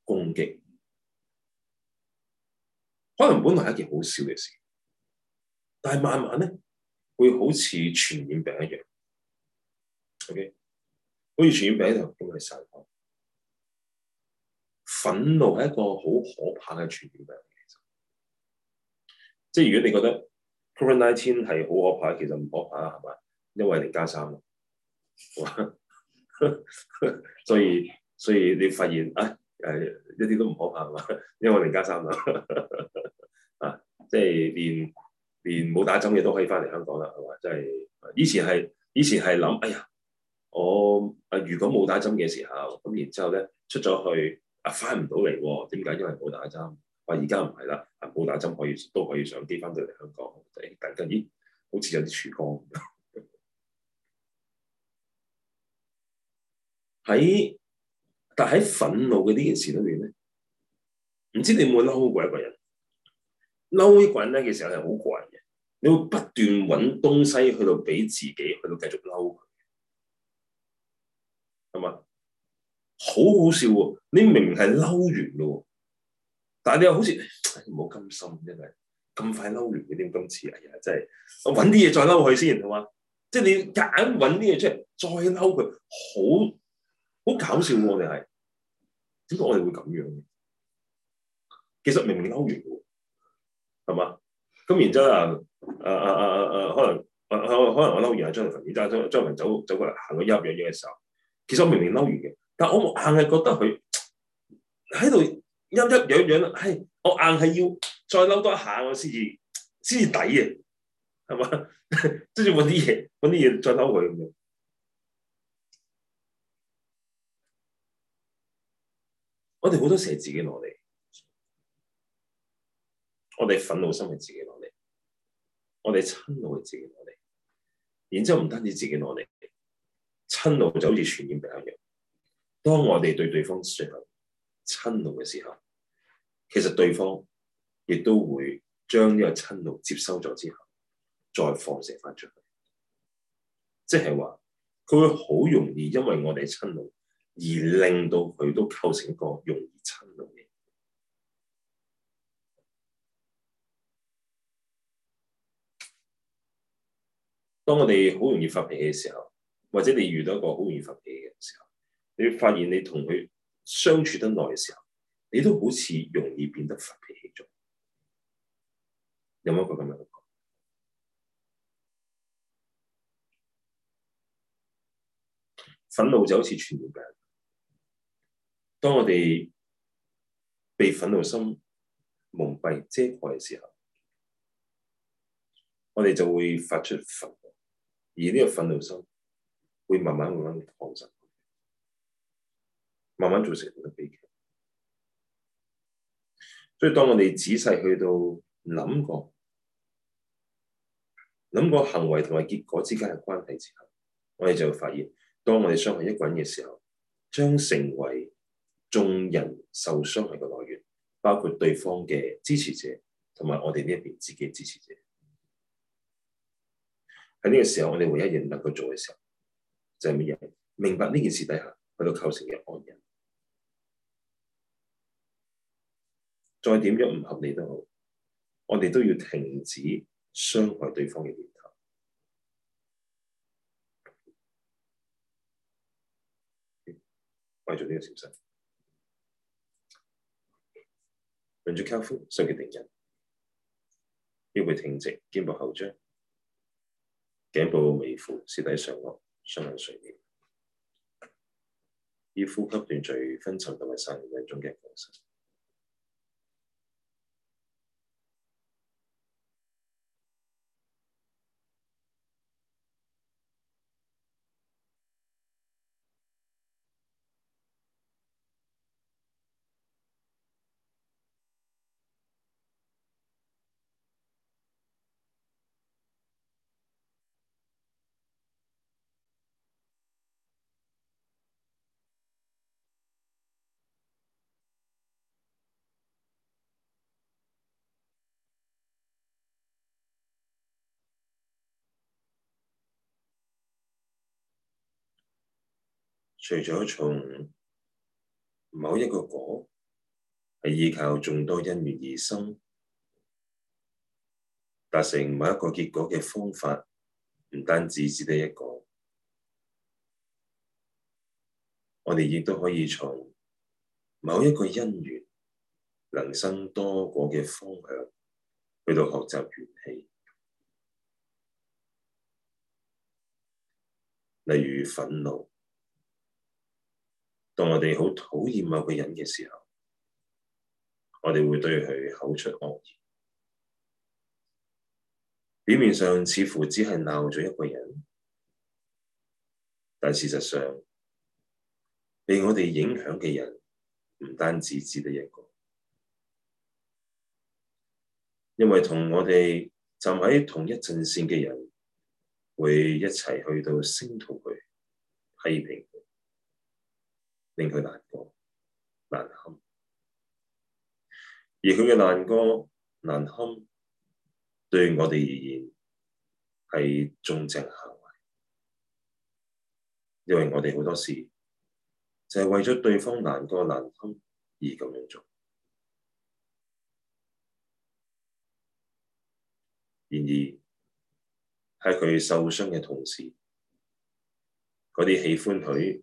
攻擊。可能本嚟係一件好笑嘅事，但係慢慢咧，會好似傳染病一樣。O.K.，好似傳染病一度咁歷細菌，憤怒係一個好可怕嘅傳染病。其實，即係如果你覺得 c o v i n i n e t e e n 係好可怕，其實唔可怕啦，係咪？因為零加三，所以，所以你發現啊，誒、哎、一啲都唔可怕，係咪？因為零加三啊。 即係連連冇打針嘅都可以翻嚟香港啦，係嘛？即係以前係以前係諗，哎呀，我啊如果冇打針嘅時候，咁然之後咧出咗去啊翻唔到嚟喎，點解？因為冇打針。話而家唔係啦，冇打針可以都可以上機翻到嚟香港。但係咦，好似有啲曙光喺， 但喺憤怒嘅呢件事裏面咧，唔知你有冇嬲過一個人？嬲呢個人咧，其實係好怪嘅。你會不斷揾東西去到俾自己，去到繼續嬲佢，係嘛？好好笑喎、哦！你明明係嬲完咯，但係你又好似唔好甘心啫，係咁快嬲完嘅？咁今次？哎呀，真係！我揾啲嘢再嬲佢先，係嘛？即係你夾硬揾啲嘢出嚟，再嬲佢，好好搞笑、哦。你我哋係點解我哋會咁樣嘅？其實明明嬲完。係嘛？咁然之後啊，誒誒誒誒可能、啊、可能我嬲完阿張文凡，而家張文走走過嚟，行到陰陰嘅時候，其實我明明嬲完嘅，但我硬係覺得佢喺度一陰陰陰，嘿、嗯嗯嗯嗯哎！我硬係要再嬲多一下我先至先至抵嘅，係嘛？即係揾啲嘢揾啲嘢再嬲佢咁樣。我哋好 多時係自己攞嚟。我哋憤怒心係自己攞嚟，我哋瞋怒係自己攞嚟，然之後唔單止自己攞嚟，瞋怒就好似傳染病一樣。當我哋對對方進行瞋怒嘅時候，其實對方亦都會將呢個瞋怒接收咗之後，再放射翻出去。即係話，佢會好容易因為我哋瞋怒而令到佢都構成一個容易瞋怒嘅。當我哋好容易發脾氣嘅時候，或者你遇到一個好容易發脾氣嘅時候，你會發現你同佢相處得耐嘅時候，你都好似容易變得發脾氣咗。有冇一個咁樣嘅？憤怒就好似傳染病。當我哋被憤怒心蒙蔽遮蓋嘅時候，我哋就會發出憤。而呢個憤怒心會慢慢慢慢擴散，慢慢造成一個悲劇。所以當我哋仔細去到諗過、諗過行為同埋結果之間嘅關係之後，我哋就會發現，當我哋傷害一個人嘅時候，將成為眾人受傷害嘅來源，包括對方嘅支持者同埋我哋呢一邊自己嘅支持者。喺呢個時候，我哋唯一仍能夠做嘅事，就係乜嘢？明白呢件事底下，去到構成嘅安忍。再點樣唔合理都好，我哋都要停止傷害對方嘅念頭，為咗呢個事實。輪住交叉，雙肩平，腰背挺直，肩部後張。頸部微俯，舌體上顎，雙唇睡眠，以呼吸斷續、分層同埋散亂嘅一種嘅方式。除咗從某一個果係依靠眾多因緣而生，達成某一個結果嘅方法，唔單止只得一個，我哋亦都可以從某一個因緣能生多果嘅方向，去到學習緣起，例如憤怒。當我哋好討厭某個人嘅時候，我哋會對佢口出惡言。表面上似乎只係鬧咗一個人，但事實上被我哋影響嘅人唔單止只得一個，因為同我哋站喺同一陣線嘅人會一齊去到聲討去批評。令佢難過、難堪，而佢嘅難過、難堪，對我哋而言係正中下懷，因為我哋好多時就係、是、為咗對方難過、難堪而咁樣做。然而喺佢受傷嘅同時，嗰啲喜歡佢。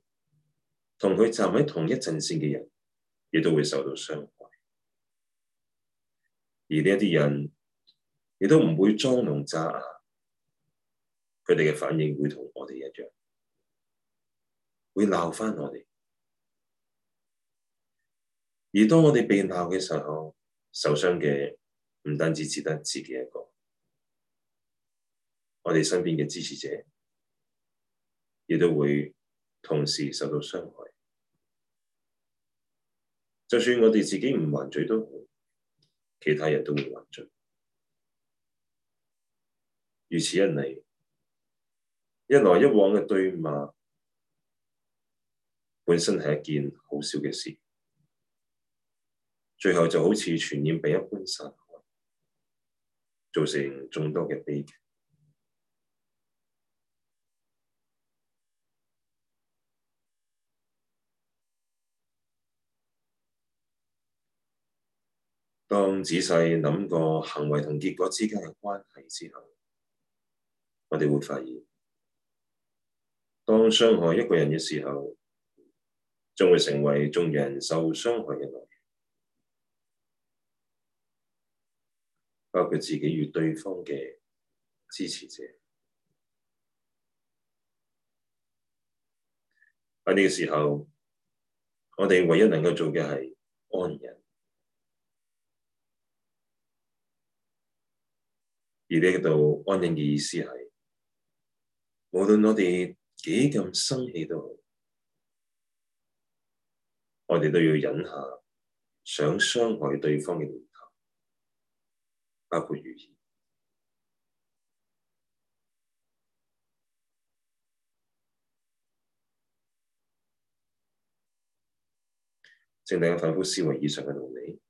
同佢站喺同一陣線嘅人，亦都會受到傷害。而呢一啲人，亦都唔會裝聾詐啞，佢哋嘅反應會同我哋一樣，會鬧返我哋。而當我哋被鬧嘅時候，受傷嘅唔單止只得自己一個，我哋身邊嘅支持者，亦都會同時受到傷害。就算我哋自己唔還嘴都好，其他人都會還嘴。如此一嚟，一來一往嘅對罵，本身係一件好小嘅事，最後就好似傳染病一般散開，造成眾多嘅悲劇。當仔細諗過行為同結果之間嘅關係之後，我哋會發現，當傷害一個人嘅時候，將會成為眾人受傷害嘅來源，包括自己與對方嘅支持者。喺呢個時候，我哋唯一能夠做嘅係安忍。而呢度安忍嘅意思係，無論我哋幾咁生氣都好，我哋都要忍下想傷害對方嘅念頭，包括語言。正等我反覆思維以上嘅道理。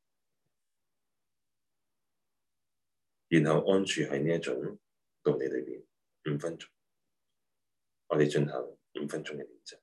然後安住喺呢一種道理裏面，五分鐘，我哋進行五分鐘嘅練習。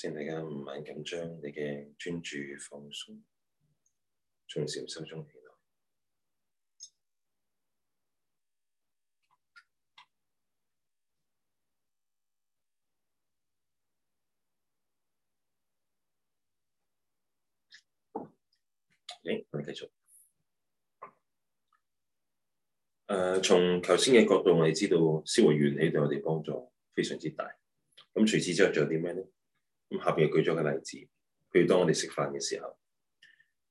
先，大家唔好緊張，你嘅專注放鬆，從小心中起來。誒、okay，我哋繼續。誒，從頭先嘅角度，我哋知道思維緣起對我哋幫助非常之大。咁除此之外，仲有啲咩呢？咁下邊又舉咗個例子，譬如當我哋食飯嘅時候，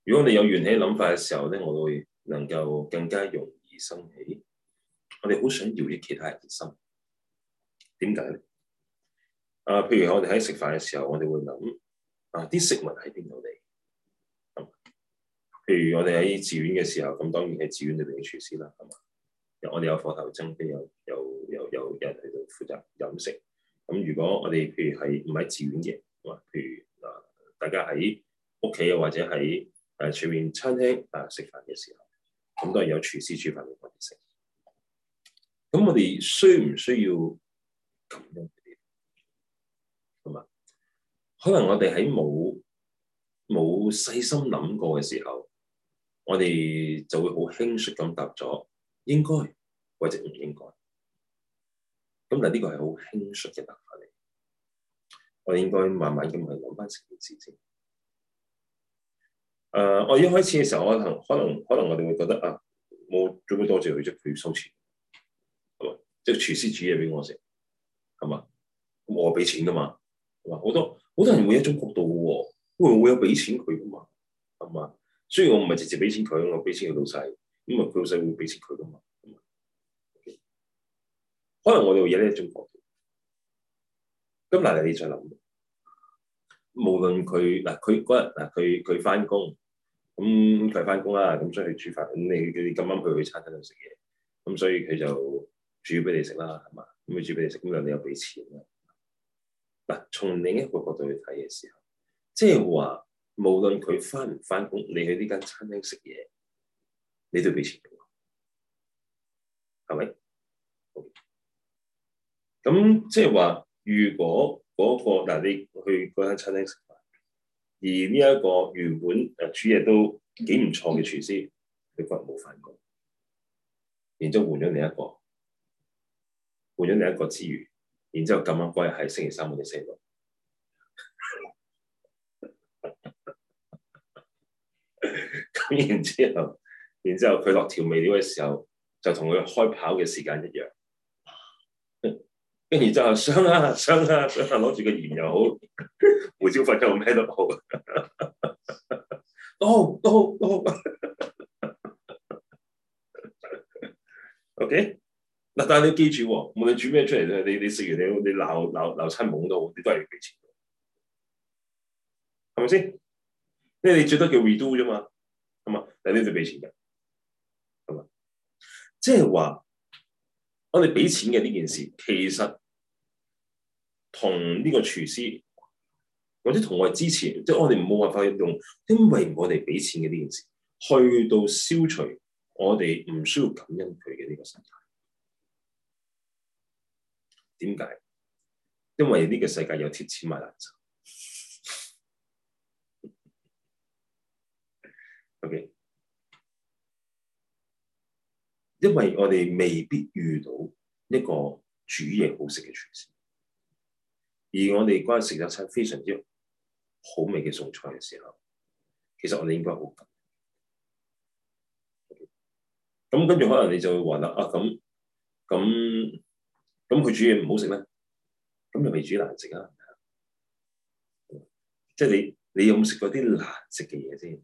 如果我哋有緣起諗法嘅時候咧，我會能夠更加容易生起我哋好想饒益其他人嘅心，點解咧？啊，譬如我哋喺食飯嘅時候，我哋會諗啊，啲食物喺邊度嚟？譬如我哋喺寺院嘅時候，咁當然係寺院裏邊嘅廚師啦。又、啊、我哋有伙頭僧，跟又有又有，有，有人喺度負責飲食。咁如果我哋譬如係唔喺寺院嘅。譬如啊、呃，大家喺屋企或者喺誒前面餐廳誒食、呃、飯嘅時候，咁都係有廚師煮飯俾、嗯、我哋食。咁我哋需唔需要咁樣？係、嗯、嘛？可能我哋喺冇冇細心諗過嘅時候，我哋就會好輕率咁答咗應該或者唔應該。咁、嗯、但係呢個係好輕率嘅答法嚟。我應該慢慢咁去諗翻成件事先。誒、uh，我一開始嘅時候，可能可能可能我哋會覺得啊，冇最尾多謝佢啫，佢要收錢，係嘛？即係廚師煮嘢俾我食，係嘛？咁我俾錢㗎嘛？係嘛？好多好多人會有一種角度嘅喎，因為我有俾錢佢㗎嘛，係嘛？雖然我唔係直接俾錢佢，我俾錢佢老細，咁啊佢老細會俾錢佢㗎嘛？Okay. 可能我哋會有呢一種咁嗱，你再諗，無論佢嗱佢嗰日嗱佢佢翻工，咁佢翻工啦，咁所以去煮飯，咁你你咁啱去去餐廳度食嘢，咁所以佢就煮俾你食啦，係嘛？咁佢煮俾你食，咁你又俾錢啦。嗱，從另一個角度去睇嘅時候，即係話，無論佢翻唔翻工，你去呢間餐廳食嘢，你都要俾錢嘅喎，係咪？咁即係話。如果嗰個嗱你去嗰間餐廳食飯，而呢一個原本誒煮嘢都幾唔錯嘅廚師，佢個人冇返工，然之後換咗另一個，換咗另一個之餘，然之後咁啱嗰日係星期三四，我哋食飯。咁然之後，然之後佢落調味料嘅時候，就同佢開跑嘅時間一樣。跟住之後，想啊想啊想啊，攞住個鹽又好，胡椒粉又咩都好，都都都，OK。嗱，但係你記住，無論煮咩出嚟，你你食完你你鬧鬧鬧親懵都好，你都係要俾錢，係咪先？因為你最多叫 redo 啫嘛，係嘛？但你都係要俾錢嘅，係嘛？即係話。我哋俾錢嘅呢件事，其實同呢個廚師，或者同我哋之前，即係我哋冇辦法用，因為我哋俾錢嘅呢件事，去到消除我哋唔需要感恩佢嘅呢個心態。點解？因為呢個世界有貼錢買難受。Okay. 因為我哋未必遇到一個煮嘢好食嘅廚師，而我哋嗰食咗餐非常之好味嘅餸菜嘅時候，其實我哋應該、嗯嗯嗯嗯、好感恩，跟住可能你就會話啦，啊咁咁咁佢煮嘢唔好食咧，咁又未煮難食啊？即、嗯、係你你有冇食過啲難食嘅嘢先？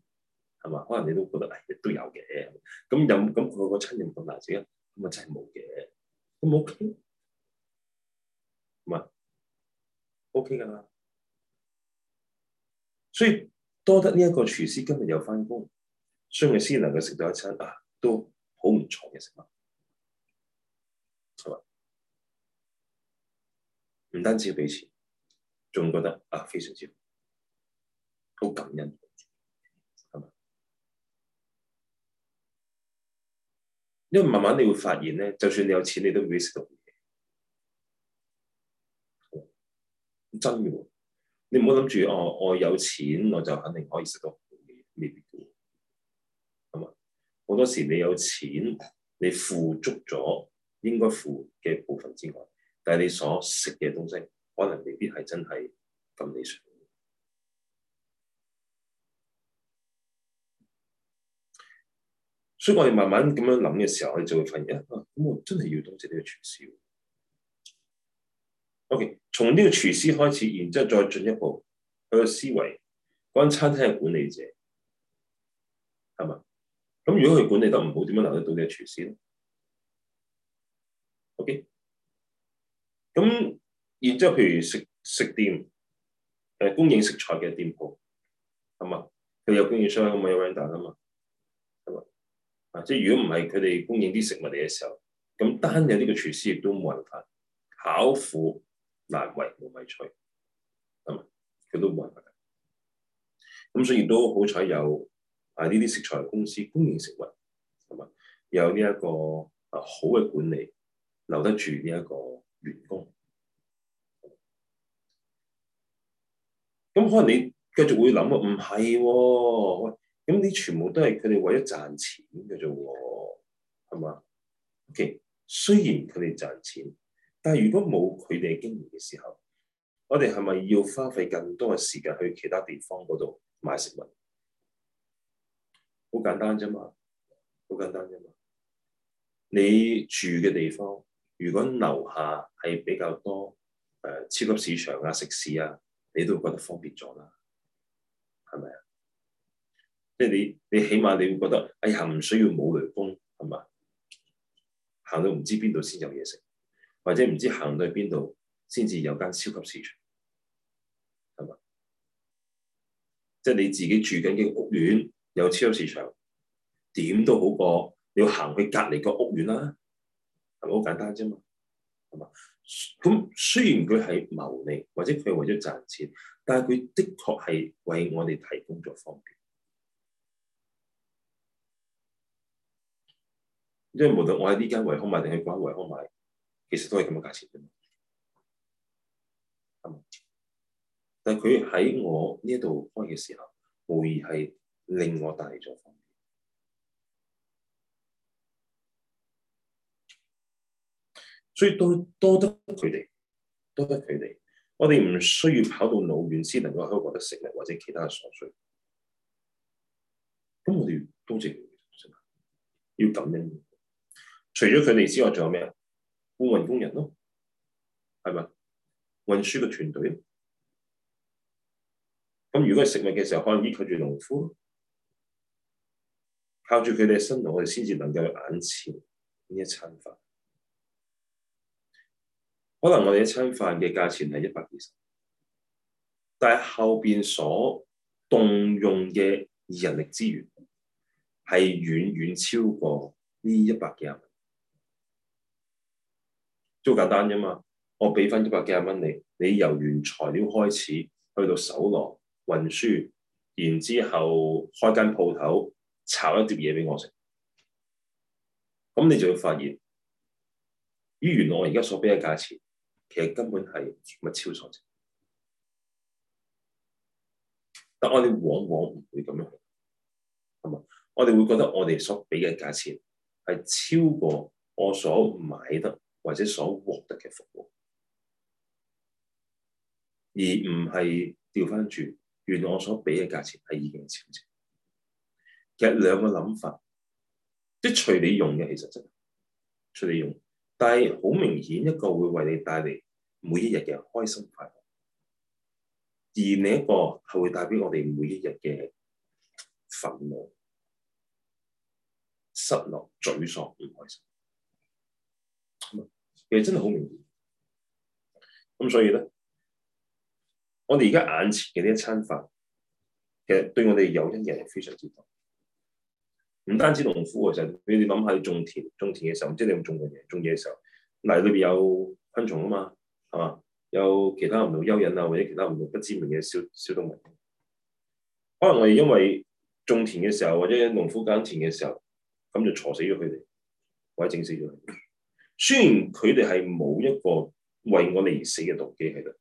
係嘛？可能你都覺得誒、哎、都有嘅，咁有咁佢個餐人咁難食啊？咁啊真係冇嘅，咁 OK，係嘛？OK 㗎嘛？所以多得呢一個廚師今日有翻工，所以佢先能夠食到一餐啊，都好唔錯嘅食物。係嘛？唔單止要俾錢，仲覺得啊，非常之好感恩。因為慢慢你會發現咧，就算你有錢，你都唔會食到嘢。真嘅喎、啊，你唔好諗住哦，我有錢我就肯定可以食到好嘅嘢，未必嘅。咁好多時你有錢，你付足咗應該付嘅部分之外，但係你所食嘅東西，可能未必係真係咁理想。所以我哋慢慢咁樣諗嘅時候，我哋就會發現啊，咁我真係要多謝呢個廚師。OK，從呢個廚師開始，然之後再進一步，佢個思維，嗰間餐廳嘅管理者係嘛？咁如果佢管理得唔好，點樣留得到呢個廚師咧？OK，咁然之後，譬如食食店，誒、呃、供應食材嘅店鋪係嘛？佢有供應商，咁咪有 vendor 啊嘛？啊！即係如果唔係佢哋供應啲食物嚟嘅時候，咁單有呢個廚師亦都冇辦法，巧婦難為無米炊，係咪？佢都冇辦法。咁所以都好彩有啊！呢啲食材公司供應食物，係咪？有呢一個啊好嘅管理，留得住呢一個員工。咁可能你繼續會諗啊，唔係喎。咁你全部都係佢哋為咗賺錢嘅啫喎，係嘛？O.K. 雖然佢哋賺錢，但係如果冇佢哋經營嘅時候，我哋係咪要花費更多嘅時間去其他地方嗰度買食物？好簡單啫嘛，好簡單啫嘛。你住嘅地方，如果樓下係比較多誒、呃、超級市場啊、食肆啊，你都會覺得方便咗啦，係咪啊？即係你，你起碼你會覺得哎呀，唔需要冇雷公係嘛？行到唔知邊度先有嘢食，或者唔知行到去邊度先至有間超級市場係嘛？即係、就是、你自己住緊嘅屋苑有超級市場，點都好過要行去隔離個屋苑啦、啊，係咪好簡單啫嘛？係嘛？咁雖然佢係牟利，或者佢係為咗賺錢，但係佢的確係為我哋提供咗方便。因為無論我喺呢間維康買定係嗰間維康買，其實都係咁嘅價錢啫嘛。但係佢喺我呢度開嘅時候，無疑係令我帶咗方便。所以多多得佢哋，多得佢哋，我哋唔需要跑到老遠先能夠去獲得食物或者其他嘅所需。咁我哋多謝佢哋要感恩。除咗佢哋之外，仲有咩啊？搬運工人咯，係咪？運輸嘅團隊。咁如果係食物嘅時候，可能依靠住農夫咯，靠住佢哋嘅辛勞，我哋先至能夠眼前呢一餐飯。可能我哋一餐飯嘅價錢係一百二十，但係後邊所動用嘅人力資源係遠遠超過呢一百幾廿。最簡單啫嘛，我俾翻一百幾百蚊你，你由原材料開始去到搜羅運輸，然之後開間鋪頭炒一碟嘢俾我食，咁你就會發現，依原來我而家所俾嘅價錢其實根本係物超所值。但我哋往往唔會咁樣，係嘛？我哋會覺得我哋所俾嘅價錢係超過我所買得或者所獲得嘅服務，而唔係掉返轉，原來我所俾嘅價錢係已經超值。其實兩個諗法，即係隨你用嘅，其實真係隨你用。但係好明顯一個會為你帶嚟每一日嘅開心快樂，而另一個係會帶俾我哋每一日嘅憤怒、失落、沮喪、唔開心。其實真係好明顯，咁所以咧，我哋而家眼前嘅呢一餐飯，其實對我哋有恩嘅人係非常之多，唔單止農夫啊，就你諗下種田，種田嘅時候，唔知你有冇種過嘢？種嘢嘅時候，泥裏邊有昆蟲啊嘛，係嘛，有其他唔同蚯蚓啊，或者其他唔同不知名嘅小小動物，可能我哋因為種田嘅時候，或者農夫耕田嘅時候，咁就鋤死咗佢哋，或者整死咗佢。雖然佢哋係冇一個為我哋而死嘅動機喺度，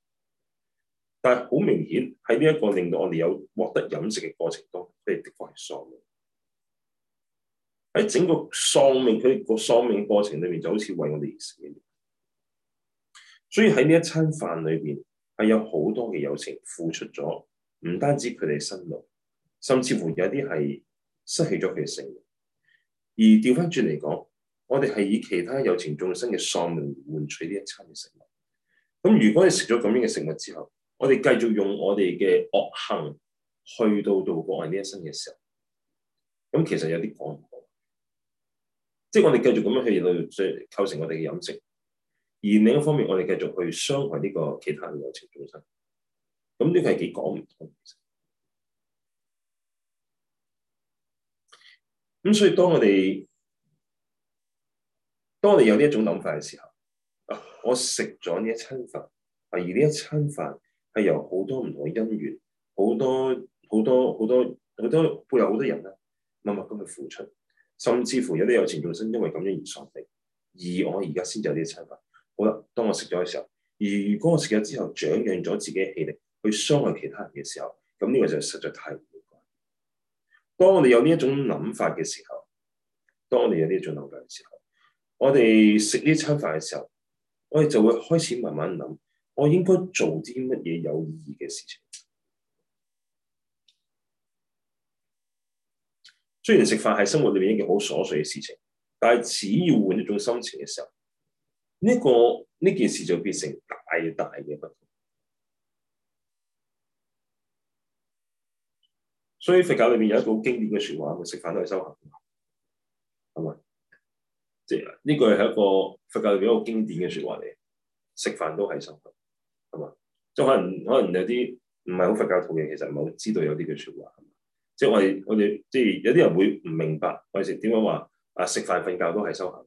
但係好明顯喺呢一個令到我哋有獲得飲食嘅過程當中，佢哋的確係喪命。喺整個喪命佢個喪命過程裏面，就好似為我哋而死嘅。所以喺呢一餐飯裏邊，係有好多嘅有情付出咗，唔單止佢哋嘅辛勞，甚至乎有啲係失去咗佢嘅性命。而掉返轉嚟講。我哋係以其他有情眾生嘅喪命換取呢一餐嘅食物。咁如果你食咗咁樣嘅食物之後，我哋繼續用我哋嘅惡行去到度過呢一生嘅時候，咁其實有啲講唔通，即係我哋繼續咁樣去去製構成我哋嘅飲食，而另一方面我哋繼續去傷害呢個其他嘅有情眾生。咁呢個係幾講唔通嘅。咁所以當我哋當你有呢一種諗法嘅時候，我食咗呢一餐飯，而呢一餐飯係由好多唔同嘅因緣，好多好多好多好多背後好多人啦，默默咁去付出，甚至乎有啲有情眾生因為咁樣而喪命，而我而家先有呢一餐飯。好啦，當我食咗嘅時候，而如果我食咗之後，將養咗自己嘅氣力去傷害其他人嘅時候，咁呢個就實在太唔該。當我哋有呢一種諗法嘅時候，當我哋有呢一種諗法嘅時候。我哋食呢餐飯嘅時候，我哋就會開始慢慢諗，我應該做啲乜嘢有意義嘅事情。雖然食飯係生活裏面一件好瑣碎嘅事情，但係只要換一種心情嘅時候，呢個呢件事就變成大大嘅不同。所以佛教裏面有一個經典嘅説話，咪食飯都係修行，係咪？呢句係一個佛教嘅一個經典嘅説話嚟，食飯都係修行，係嘛？即係可能可能有啲唔係好佛教徒嘅，其實唔係好知道有啲嘅説話，係嘛？即係我哋我哋即係有啲人會唔明白我，我哋食點解話啊食飯瞓覺都係修行？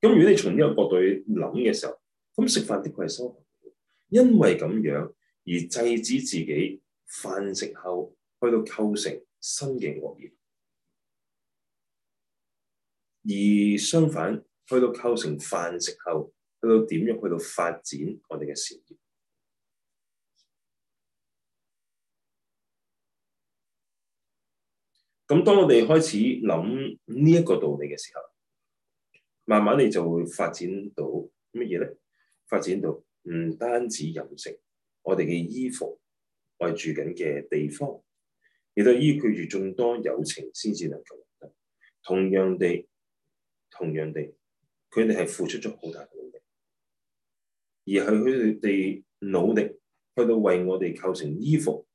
咁如果你從呢個角度去諗嘅時候，咁食飯的確係修行，因為咁樣而制止自己飯食後去到構成新嘅惡業。而相反，去到構成飯食後，去到點樣去到發展我哋嘅事業。咁當我哋開始諗呢一個道理嘅時候，慢慢你就會發展到乜嘢咧？發展到唔單止飲食，我哋嘅衣服，我哋住緊嘅地方，亦都依據住眾多有情先至能夠得。同樣地。同樣地，佢哋係付出咗好大嘅努力，而係佢哋努力去到為我哋構成衣服、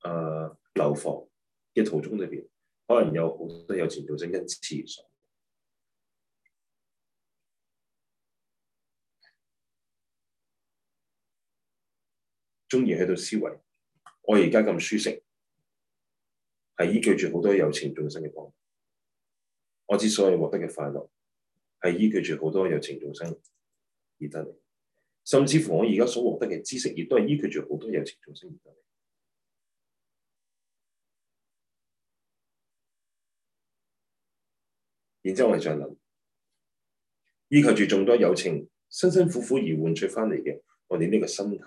誒、呃、樓房嘅途中裏邊，可能有好多有情眾生，一次所中意去到思維，我而家咁舒適，係依據住好多有情眾生嘅幫助。我之所以獲得嘅快樂，係依靠住好多有情眾生而得嚟，甚至乎我而家所獲得嘅知識，亦都係依靠住好多有情眾生而得嚟。然之後我哋再諗，依靠住眾多有情辛辛苦苦而換取翻嚟嘅我哋呢個身體，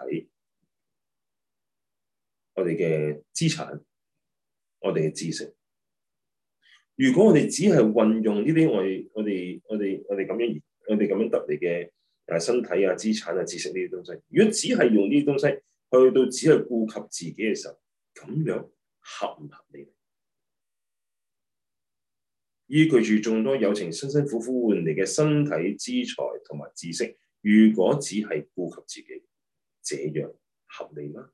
我哋嘅資產，我哋嘅知識。如果我哋只係運用呢啲我哋我哋我哋我哋咁樣我哋咁樣得嚟嘅誒身體啊資產啊知識呢啲東西，如果只係用呢啲東西去到只係顧及自己嘅時候，咁樣合唔合理？依據住眾多有情辛辛苦苦換嚟嘅身體資財同埋知識，如果只係顧及自己，這樣合理嗎？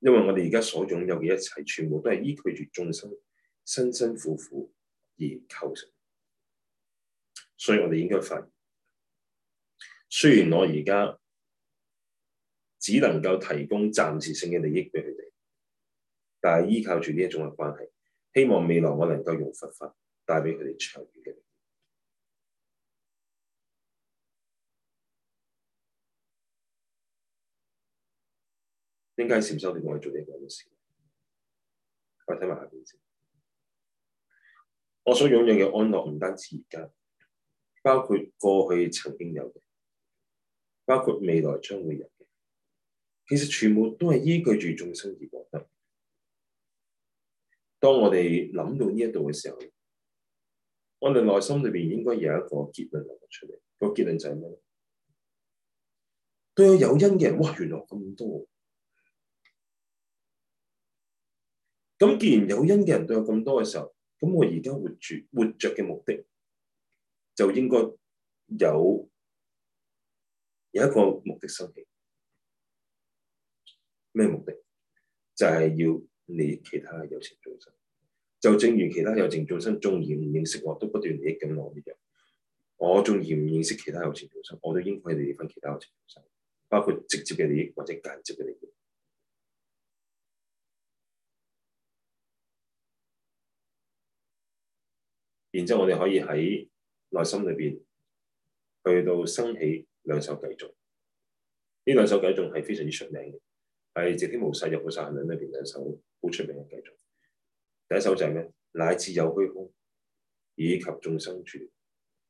因為我哋而家所擁有嘅一切，全部都係依靠住眾生辛辛苦苦而構成，所以我哋應該發願，雖然我而家只能夠提供暫時性嘅利益俾佢哋，但係依靠住呢一種嘅關係，希望未來我能夠用佛法帶俾佢哋長遠嘅。點解禪修令我係做呢樣嘅事？我睇埋下邊先。我所擁有嘅安樂唔單止而家，包括過去曾經有嘅，包括未來將會有嘅。其實全部都係依據住眾生而獲得。當我哋諗到呢一度嘅時候，我哋內心裏邊應該有一個結論流出嚟。個結論就係咩咧？對我有恩嘅人，哇！原來咁多。咁既然有恩嘅人都有咁多嘅時候，咁我而家活住活著嘅目的，就應該有有一個目的心起咩目的？就係要利益其他有情眾生，就正如其他有情眾生，縱然唔認識我，都不斷利益緊我一樣。我縱然唔認識其他有情眾生，我都應該利益其他有情眾生，包括直接嘅利益或者間接嘅利益。然之後，我哋可以喺內心裏邊去到生起兩首偈頌，呢兩首偈頌係非常之出名嘅，係《寂天菩薩入菩薩行論》裏邊兩首好出名嘅偈頌。第一首就係咩？乃至有虛空，以及眾生住，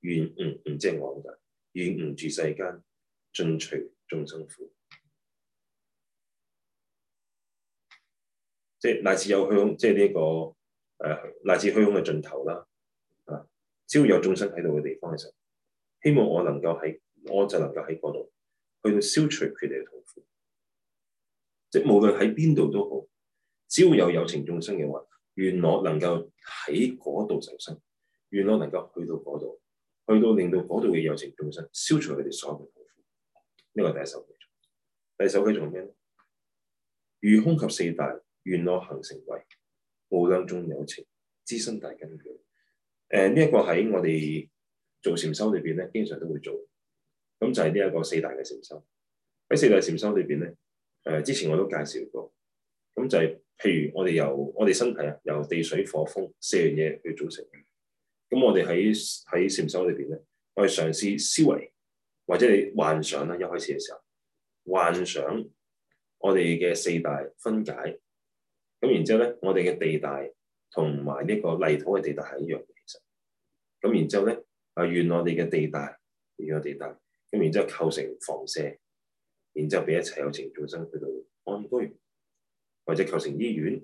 願吾，吾即係我嘅，願吾、嗯、住世間，盡除眾生苦。即係乃至有虛空，即係呢、這個誒、呃、乃至虛空嘅盡頭啦。只要有眾生喺度嘅地方嘅時候，希望我能夠喺，我就能夠喺嗰度去到消除佢哋嘅痛苦。即係無論喺邊度都好，只要有有情眾生嘅話，願我能夠喺嗰度受生，願我能夠去到嗰度，去到令到嗰度嘅有情眾生消除佢哋所有嘅痛苦。呢個第一首偈。第二首偈做咩咧？如空及四大，願我恆成為，無量眾有情，資生大根本。誒，呢一個喺我哋做禪修裏邊咧，經常都會做。咁就係呢一個四大嘅禪修。喺四大禪修裏邊咧，誒、呃，之前我都介紹過。咁就係譬如我哋由我哋身體啊，由地水火風四樣嘢去組成。咁我哋喺喺禪修裏邊咧，我哋嘗試思維或者你幻想啦，一開始嘅時候，幻想我哋嘅四大分解。咁然之後咧，我哋嘅地大同埋呢個泥土嘅地大係一樣。咁然之後咧，啊，願我哋嘅地大，願我地大，咁然之後構成房舍，然之後俾一切有情眾生去到安居，或者構成醫院，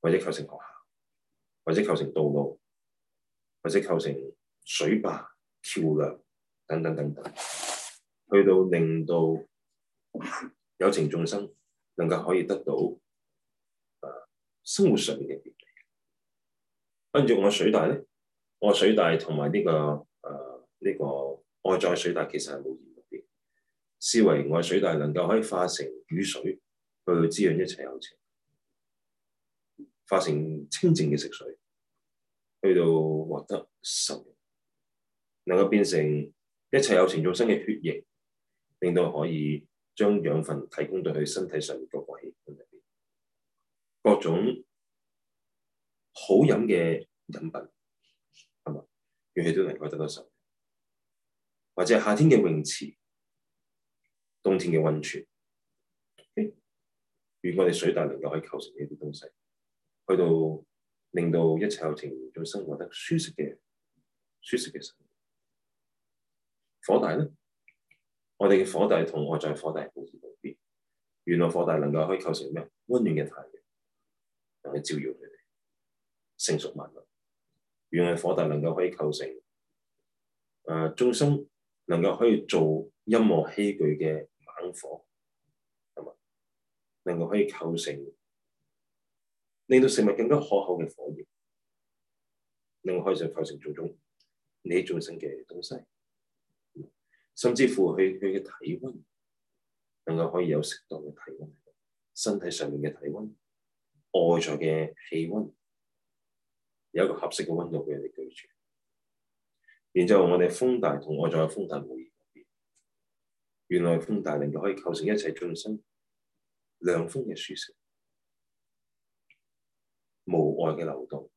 或者構成學校，或者構成道路，或者構成水壩、橋樑等等等等，去到令到有情眾生能夠可以得到啊生活上面嘅便利。跟住我水大咧。外水大同埋呢個誒呢、呃這個外在水大其實係冇緣入邊，思維外水大能夠可以化成雨水去滋養一切有情，化成清淨嘅食水去到獲得受用，能夠變成一切有情眾生嘅血液，令到可以將養分提供到佢身體上面器官入邊，各種好飲嘅飲品。佢都能夠得到受，或者係夏天嘅泳池、冬天嘅溫泉。咦？如果我哋水大，能夠可以構成呢啲東西，去到令到一切有情在生活得舒適嘅、舒適嘅生活。火大咧，我哋嘅火大同外在火大冇二冇別。原來火大能夠可以構成咩？溫暖嘅太陽，能夠照耀佢哋，成熟萬物。原來火大，能夠可以構成誒眾、呃、生，能夠可以做音樂器具嘅猛火，係嘛？能夠可以構成令到食物更加可口嘅火焰，能夠可以就構成做種你啲眾嘅東西，甚至乎佢佢嘅體溫，能夠可以有適當嘅體溫，身體上面嘅體溫，外在嘅氣溫。有一個合適嘅溫度俾人哋居住，然之後我哋風大，同我仲有風大無異別。原來風大令到可以構成一切眾生涼風嘅舒適，無礙嘅流動，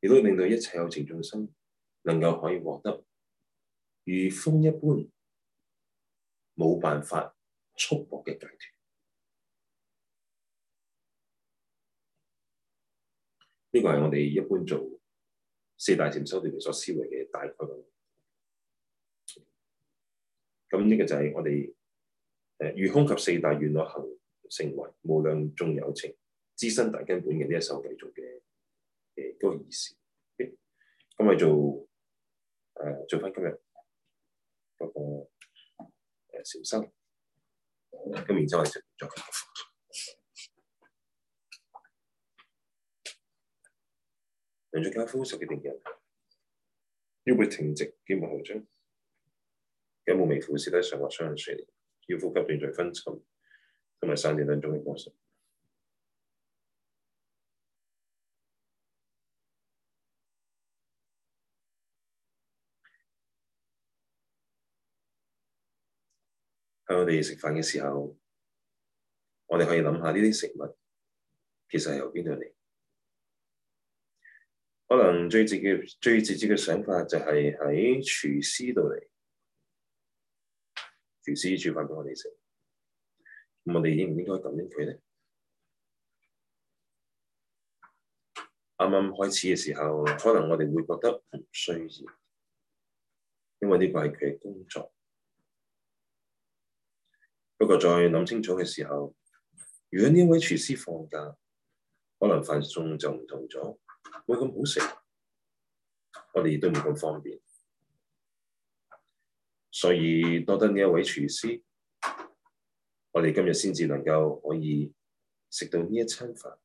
亦都令到一切有情眾生能夠可以獲得如風一般冇辦法束縛嘅解脫。呢個係我哋一般做四大禪修段所思維嘅大概咁。呢個就係我哋誒如空及四大，願我恆成為，無量眾有情，資生大根本嘅呢一首偈頌嘅誒嗰個意思。咁、嗯、咪做誒、呃、做翻今日嗰、這個小禪咁然之後我哋繼續。梁祝家夫十幾年嘅人，腰背挺直，肩部後張，眼部微浮，舌體上滑，雙人垂，腰腹及段在分，咁咁嘅三點兩種嘅過失。喺我哋食飯嘅時候，我哋可以諗下呢啲食物其實係由邊度嚟？可能最直接最直接嘅想法就係喺廚師度嚟，廚師煮飯俾我哋食。咁我哋應唔應該感恩佢咧？啱啱開始嘅時候，可能我哋會覺得唔需要，因為呢個係佢嘅工作。不過再諗清楚嘅時候，如果呢位廚師放假，可能飯餸就唔同咗。會咁好食，我哋亦都唔咁方便，所以多得呢一位廚師，我哋今日先至能夠可以食到呢一餐飯。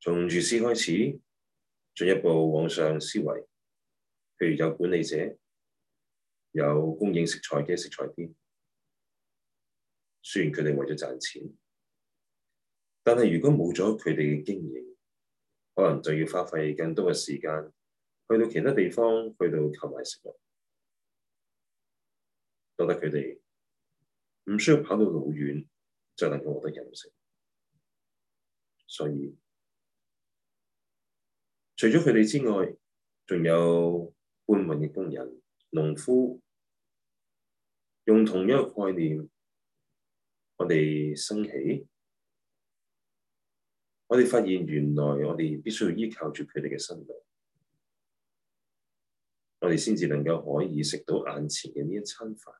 從廚師開始，進一步往上思維，譬如有管理者，有供應食材嘅食材店。雖然佢哋為咗賺錢，但係如果冇咗佢哋嘅經營，可能就要花費更多嘅時間去到其他地方去到購買食物，多得佢哋唔需要跑到老遠就能夠獲得飲食。所以除咗佢哋之外，仲有搬運嘅工人、農夫，用同一個概念。我哋升起，我哋發現原來我哋必須要依靠住佢哋嘅生命，我哋先至能夠可以食到眼前嘅呢一餐飯。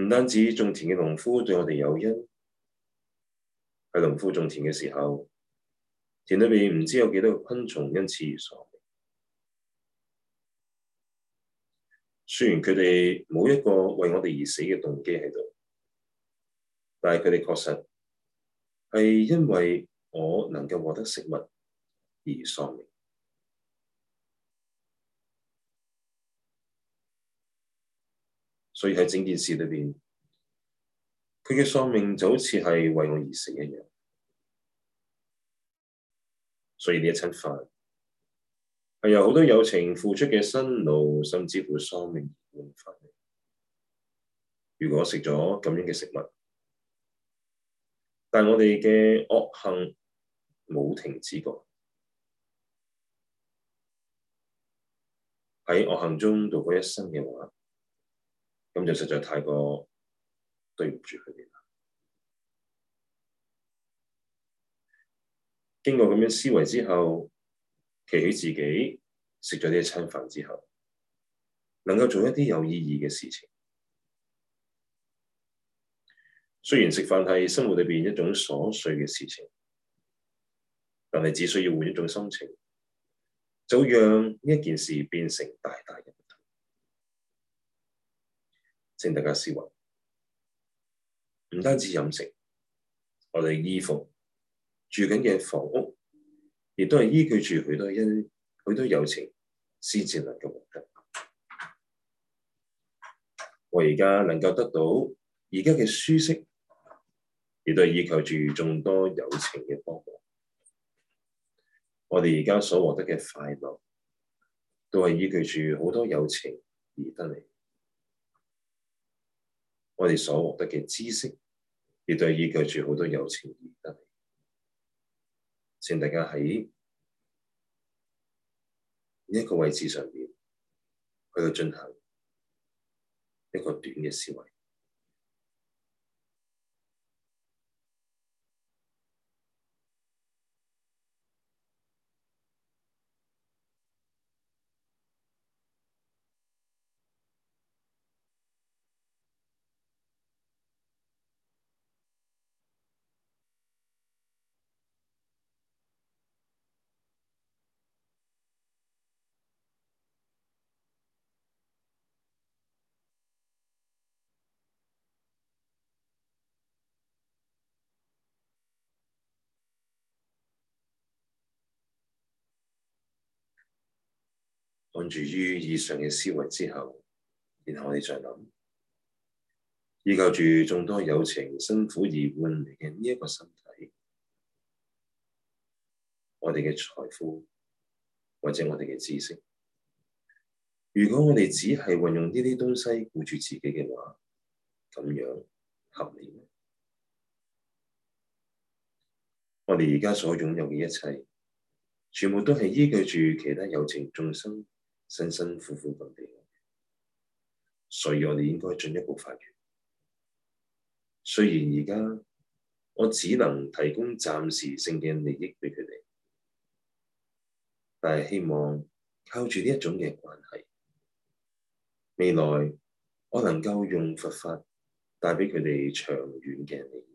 唔單止種田嘅農夫對我哋有恩，喺農夫種田嘅時候，田裏面唔知有幾多個昆蟲因此而喪。雖然佢哋冇一個為我哋而死嘅動機喺度，但係佢哋確實係因為我能夠獲得食物而喪命，所以喺整件事裏邊，佢嘅喪命就好似係為我而死一樣，所以呢一餐飯。係由好多有情付出嘅辛勞，甚至乎喪命換翻嚟。如果食咗咁樣嘅食物，但我哋嘅惡行冇停止過。喺惡行中度過一生嘅話，咁就實在太過對唔住佢哋啦。經過咁樣思維之後。期許自己食咗呢一餐飯之後，能夠做一啲有意義嘅事情。雖然食飯係生活裏邊一種瑣碎嘅事情，但係只需要換一種心情，就會讓呢一件事變成大大嘅不同。請大家思維，唔單止飲食，我哋衣服、住緊嘅房屋，亦都係依據住許多一許多有情，先至能夠獲得。我而家能夠得到而家嘅舒適，亦都係依靠住眾多有情嘅幫助。我哋而家所獲得嘅快樂，都係依據住好多有情而得嚟。我哋所獲得嘅知識，亦都係依靠住好多有情而得。請大家喺呢個位置上面，去到進行一個短嘅思維。安住於以上嘅思維之後，然後我哋再諗，依靠住眾多有情、辛苦而換嚟嘅呢一個身體，我哋嘅財富或者我哋嘅知識，如果我哋只係運用呢啲東西顧住自己嘅話，咁樣合理咩？我哋而家所擁有嘅一切，全部都係依據住其他有情眾生。辛辛苦苦咁樣，所以我哋應該進一步發願。雖然而家我只能提供暫時性嘅利益俾佢哋，但係希望靠住呢一種嘅關係，未來我能夠用佛法帶俾佢哋長遠嘅利益。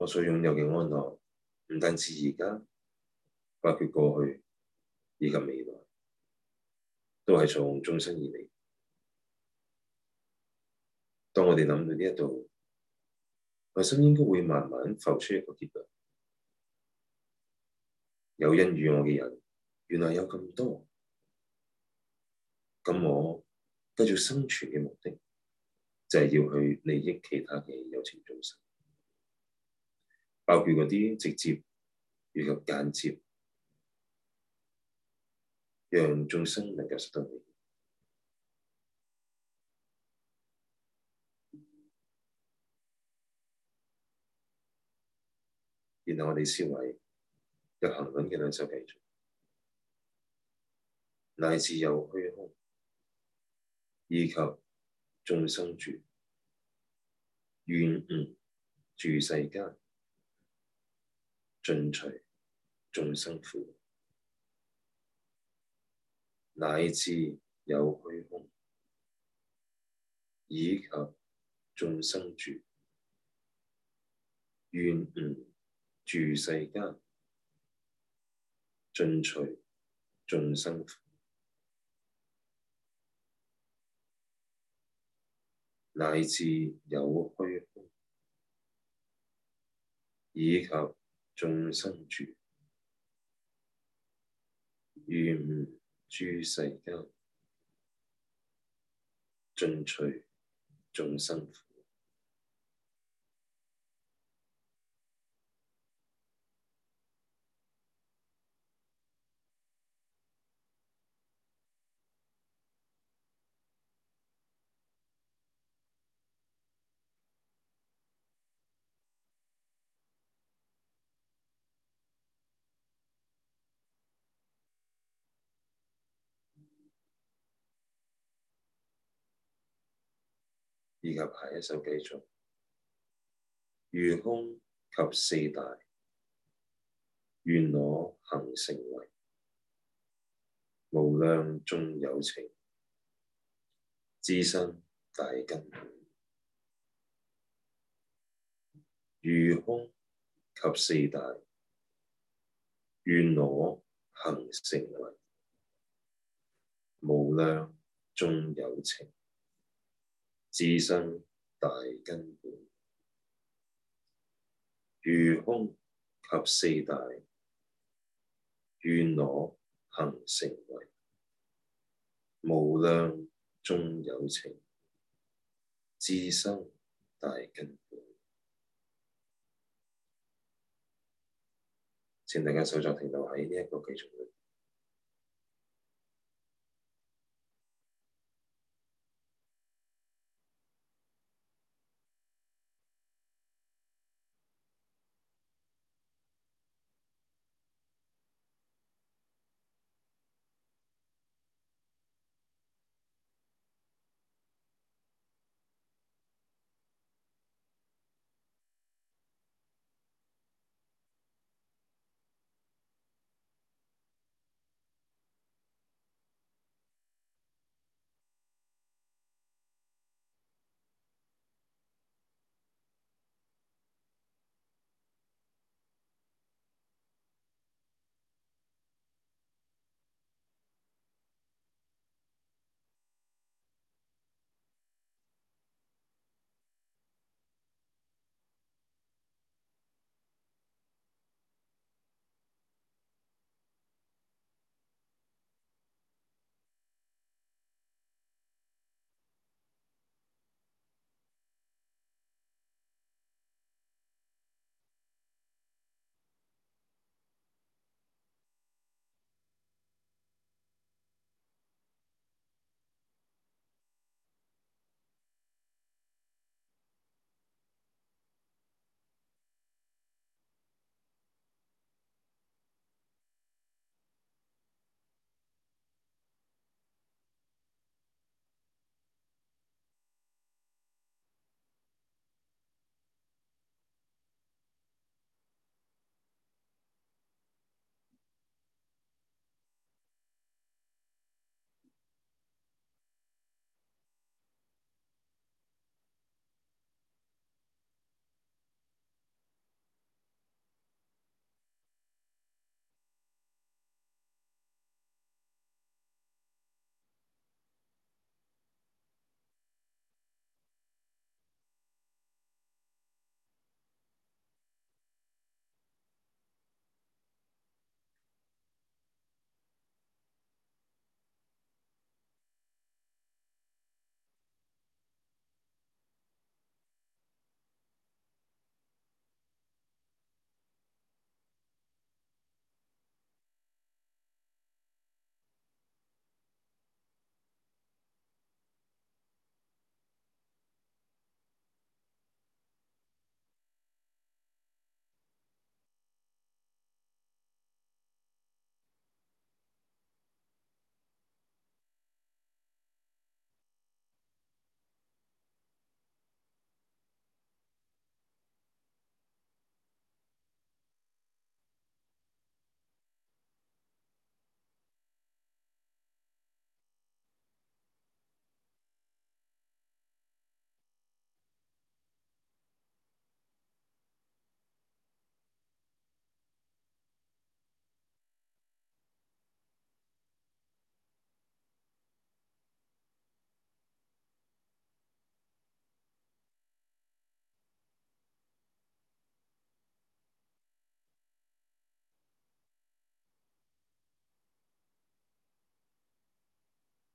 我所擁有嘅安樂，唔單止而家，包括過去以及未來，都係從眾生而嚟。當我哋諗到呢一度，內心應該會慢慢浮出一個結論：有恩於我嘅人，原來有咁多。咁我繼續生存嘅目的，就係、是、要去利益其他嘅有情眾生。包括嗰啲直接以及間接，讓眾生能夠識得你，然後我哋先維，入行論嘅兩首偈頌，乃至有虛空，以及眾生住，願吾住世間。盡除眾生苦，乃至有，有虛空，以及眾生住，願吾住世間，盡除眾生苦，乃至有虛空，以及眾生住，願吾住世間；盡除眾生苦。以及下一首繼續，如空及四大，願我恆成為無量眾有情，資生大根。如空及四大，願我恆成為無量眾有情。資生大根本，如空及四大，願我恆成為，無量眾有情，資生大根本。請大家收咗停留喺呢一個繼續。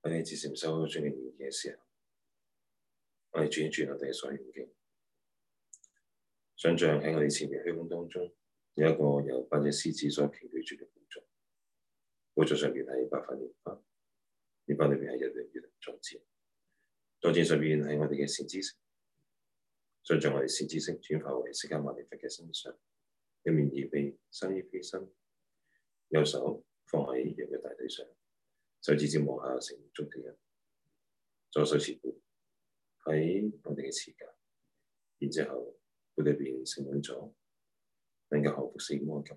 喺你漸漸收緊注意力嘅時候，我哋轉一轉我哋嘅所緣境。想像喺我哋前面虛空當中有一個有八隻獅子所騎住住嘅寶座，寶座上邊係一白年蓮花，蓮花裏邊係日日月月坐箭，坐箭上邊係我哋嘅善知識。想像我哋善知識轉化為釋迦牟尼佛嘅身上，一面二臂身，一鼻身，右手放喺人嘅大地上。手指尖往下成中的人，左手持杯，喺我哋嘅時間，然之後杯裏邊盛滿咗兩嘅毫服閃光金。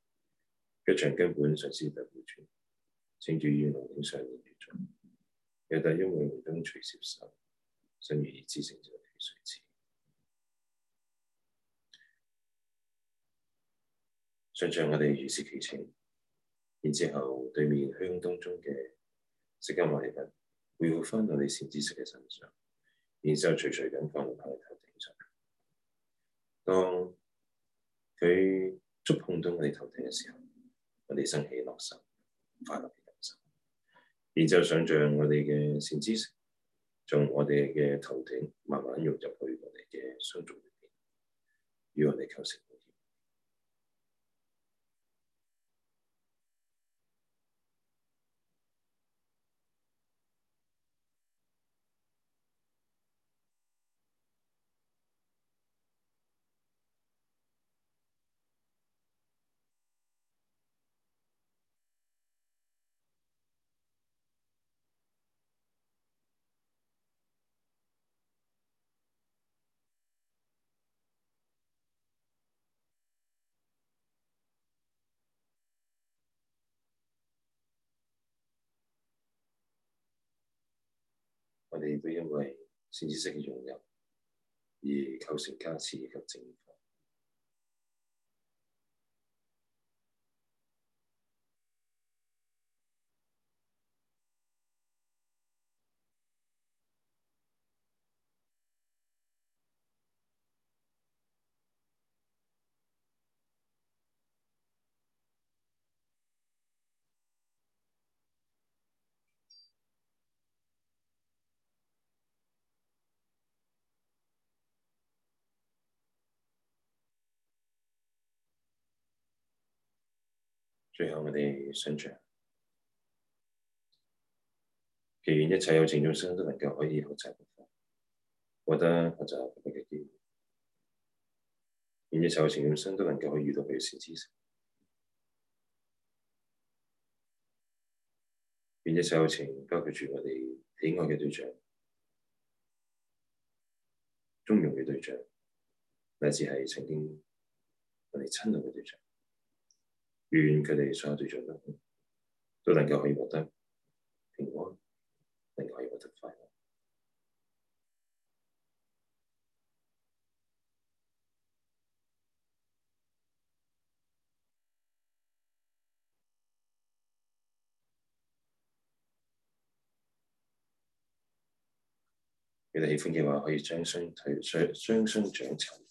一場根本上是不完全，un, 正住於龍影上而存在。又但因為龍中垂舌手，身如二支成像的水池，上場我哋如是其情。然之後對面虛空當中嘅釋迦牟尼佛會返到善知識嘅身上，然之後徐徐咁放佢喺頭頂上。當佢觸碰到我哋頭頂嘅時候，我哋生起樂受，快樂嘅人生，然之後想象我哋嘅善知識，從我哋嘅頭頂慢慢融入去我哋嘅雙中入邊，與我哋構成。你都因為先知識嘅融入而構成加持以及整。最後我哋想住，願一切有情眾生都能夠可以學習佛法，覺得學習佛法嘅機會，願一切有情眾生都能夠可以遇到佢善知識，願一切有情包括住我哋喜愛嘅對象、中勇嘅對象，乃至係曾經我哋親愛嘅對象。願佢哋所有對象都能夠可以獲得平安，能夠可以獲得快樂。佢哋喜歡嘅話，可以將雙體雙雙雙長長。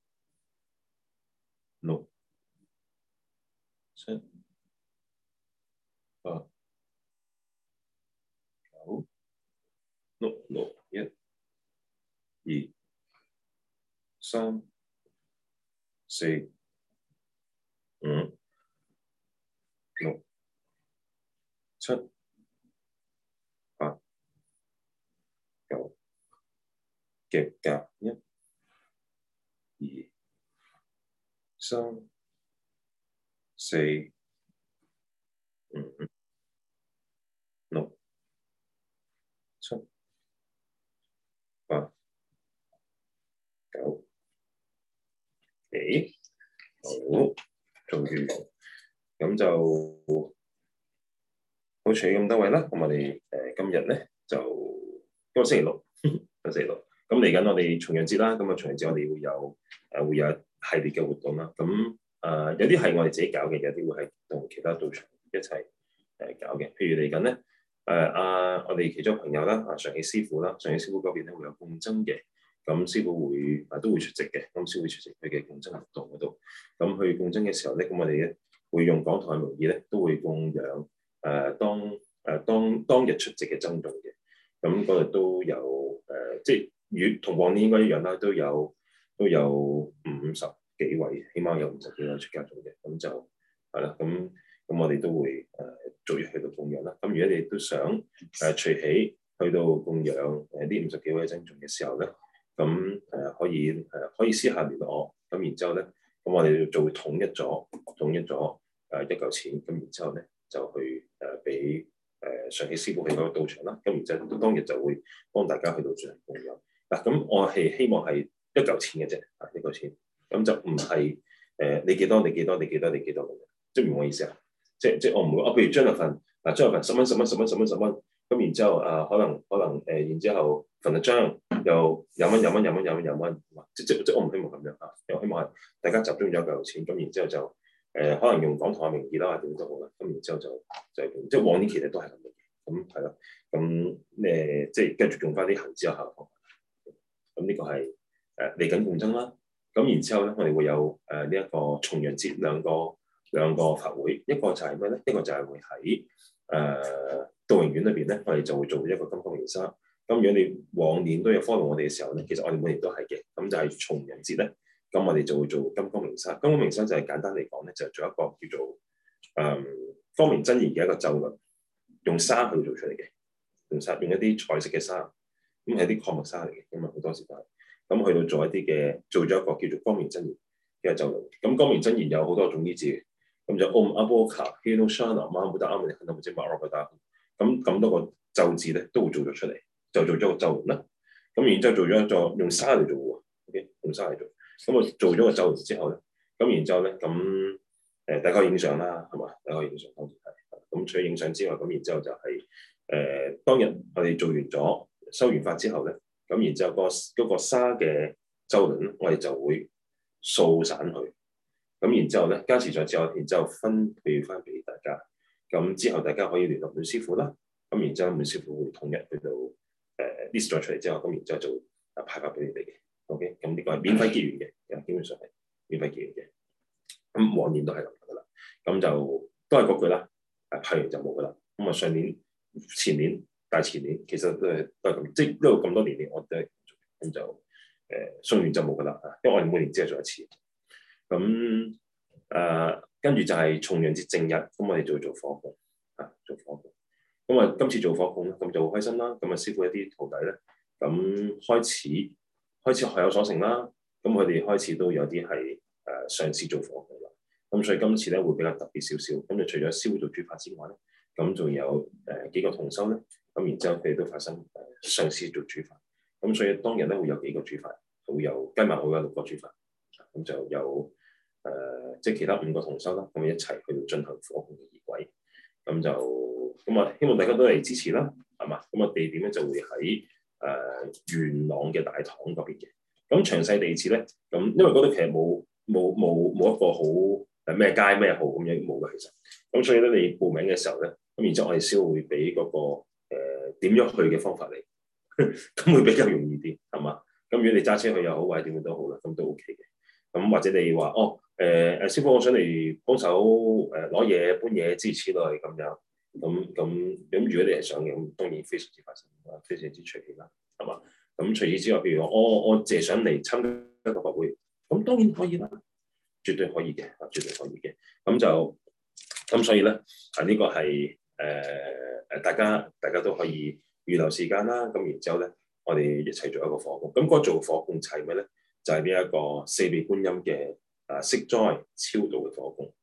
六六一、二、三、四、五、六、七、八、九，接格一、二、三、四。五。九，好，做完，咁就好，取咁多位啦。咁我哋誒今日咧就今個星期六，今個星期六。咁嚟緊我哋重陽節啦。咁啊重陽節我哋會有誒、啊、會有一系列嘅活動啦。咁啊有啲係我哋自己搞嘅，有啲會係同其他道場一齊誒搞嘅。譬如嚟緊咧誒啊，啊我哋其中朋友啦啊上喜師傅啦，上喜師傅嗰邊咧會有共爭嘅。咁師傅會啊都會出席嘅。咁師傅會出席佢嘅共爭活動嗰度，咁去共爭嘅時候咧，咁我哋咧會用港台嘅名義咧，都會供養誒、呃、當誒、呃、當當，當日出席嘅僧眾嘅，咁嗰度都有誒、呃，即係與同往年應該一樣啦，都有都有五十幾位，起碼有五十幾位出家眾嘅，咁就係啦，咁咁我哋都會誒逐一去到供養啦。咁如果你都想誒隨、呃、起去到供養誒啲五十幾位僧眾嘅時候咧，呢咁誒可以誒可以私下聯絡我，咁然之後咧，咁我哋就會統一咗統一咗誒一嚿錢，咁然之後咧就去誒俾誒上期師傅去嗰度到個場啦，咁然之後當日就會幫大家去到進行供應。嗱，咁我係希望係一嚿錢嘅啫，啊一嚿錢，咁就唔係誒你幾多你幾多你幾多你幾多嚟嘅，即係唔好意思啊，即係即係我唔會我譬如張立憲，啊張立憲十蚊十蚊十蚊十蚊十蚊。咁然之後誒，可能可能誒、呃，然之後份糧又廿蚊廿蚊廿蚊廿蚊廿蚊，即即即我唔希望咁樣嚇，又希望係大家集中咗嚿錢，咁然之後就誒、呃，可能用港台嘅名義啦，點都好啦，咁然之後就就是、即往年其實都係咁，嘅、嗯。咁係咯，咁誒、嗯呃、即跟住用翻啲行之有效，咁呢個係誒嚟緊共爭啦，咁然之後咧、呃，我哋會有誒呢一個重陽節兩個兩個法會，一個就係咩咧？一個就係會喺誒。呃做榮院裏邊咧，我哋就會做一個金光明沙。咁如果你往年都有 follow 我哋嘅時候咧，其實我哋每年都係嘅。咁就係重人節咧，咁我哋就會做金光明沙。金光明沙就係、是、簡單嚟講咧，就係、做一個叫做誒、嗯、光明真言嘅一個咒輪，用沙去做出嚟嘅。用沙用一啲彩色嘅沙，咁係啲礦物沙嚟嘅，因為好多時間咁去到做一啲嘅做咗一個叫做光明真言嘅咒輪。咁光明真言有好多種字嘅，咁就 Om 阿波卡 Heo Shana Ma Mudamudam Namjima 咁咁多個咒字咧，都會做咗出嚟，就做咗個咒輪啦。咁然後、嗯、之後做咗一座用沙嚟做喎，OK，用沙嚟做。咁啊，做咗個咒之後咧，咁然之後咧，咁誒，大家影相啦，係嘛？大家影相方便睇。咁除咗影相之外，咁然之後就係、是、誒、呃，當日我哋做完咗修完法之後咧，咁然之後、那個嗰、那個、沙嘅咒輪我哋就會掃散佢。咁然後呢加之後咧，加持咗之後，然之後分配翻俾大家。咁之後大家可以聯絡滿師傅啦，咁然之後滿師傅會統一去到誒 list 咗出嚟之後，咁然之後就派發俾你哋。OK，咁呢個係免費結緣嘅，基本上係免費結緣嘅。咁往年都係咁樣噶啦，咁就都係嗰句啦，派完就冇噶啦。咁啊上年、前年、大前年，其實都係都係咁，即係呢個咁多年嚟，我咁就誒送完就冇噶啦，因為我哋每年只係做一次。咁。誒，跟住、呃、就係重陽節正日，咁我哋就做火供，啊，做火供，咁啊，今次做火供咁就好開心啦，咁啊，師傅一啲徒弟咧，咁開始開始學有所成啦，咁佢哋開始都有啲係誒上師做火供啦，咁所以今次咧會比較特別少少，咁就除咗師傅做主法之外咧，咁仲有誒、呃、幾個同修咧，咁然之後佢哋都發生誒、呃、上師做主法，咁所以當日咧會有幾個主法，會有加埋我有六個主法，咁就有。誒、呃，即係其他五個同修啦，咁、嗯、一齊去進行火控嘅儀軌，咁、嗯、就咁啊、嗯！希望大家都嚟支持啦，係嘛？咁、嗯、啊地點咧就會喺誒、呃、元朗嘅大棠嗰邊嘅。咁、嗯、詳細地址咧，咁、嗯、因為嗰度其實冇冇冇冇一個好誒咩街咩號咁樣冇嘅，其實。咁、嗯、所以咧，你報名嘅時候咧，咁然之後我哋先會俾嗰、那個誒、呃、點樣去嘅方法嚟，咁 會比較容易啲，係嘛？咁、嗯、如果你揸車去又好，或者點樣好都好啦，咁都 OK 嘅。咁或者你話哦。誒誒，師傅，我想嚟幫手誒攞嘢搬嘢之類咁樣，咁咁咁，如果你係想嘅，當然非常之發生，非常之隨便啦，係嘛？咁除此之外，譬如我我淨係想嚟參加一個法會，咁當然可以啦，絕對可以嘅，絕對可以嘅。咁就咁所以咧，啊、這、呢個係誒誒大家大家都可以預留時間啦。咁然之後咧，我哋一齊做一個火供。咁、那、嗰、個、做火供係咩咧？就係呢一個四臂觀音嘅。啊！息災超度嘅火供，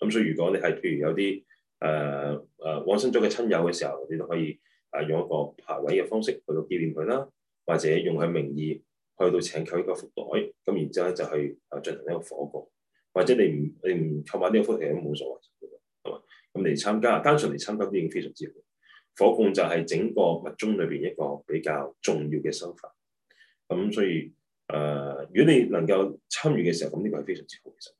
咁所以如果你係譬如有啲誒誒往生咗嘅親友嘅時候，你就可以啊、呃、用一個排位嘅方式去到紀念佢啦，或者用佢名義去到請求一個福袋，咁然之後咧就去啊進行一個火供，或者你唔你唔購買呢個福袋都冇所謂嘅，係嘛、嗯？咁嚟參加，單純嚟參加都已經非常之好。火供就係整個密宗裏邊一個比較重要嘅修法，咁所以。誒、呃，如果你能夠參與嘅時候，咁、這、呢個係非常之好，其實係。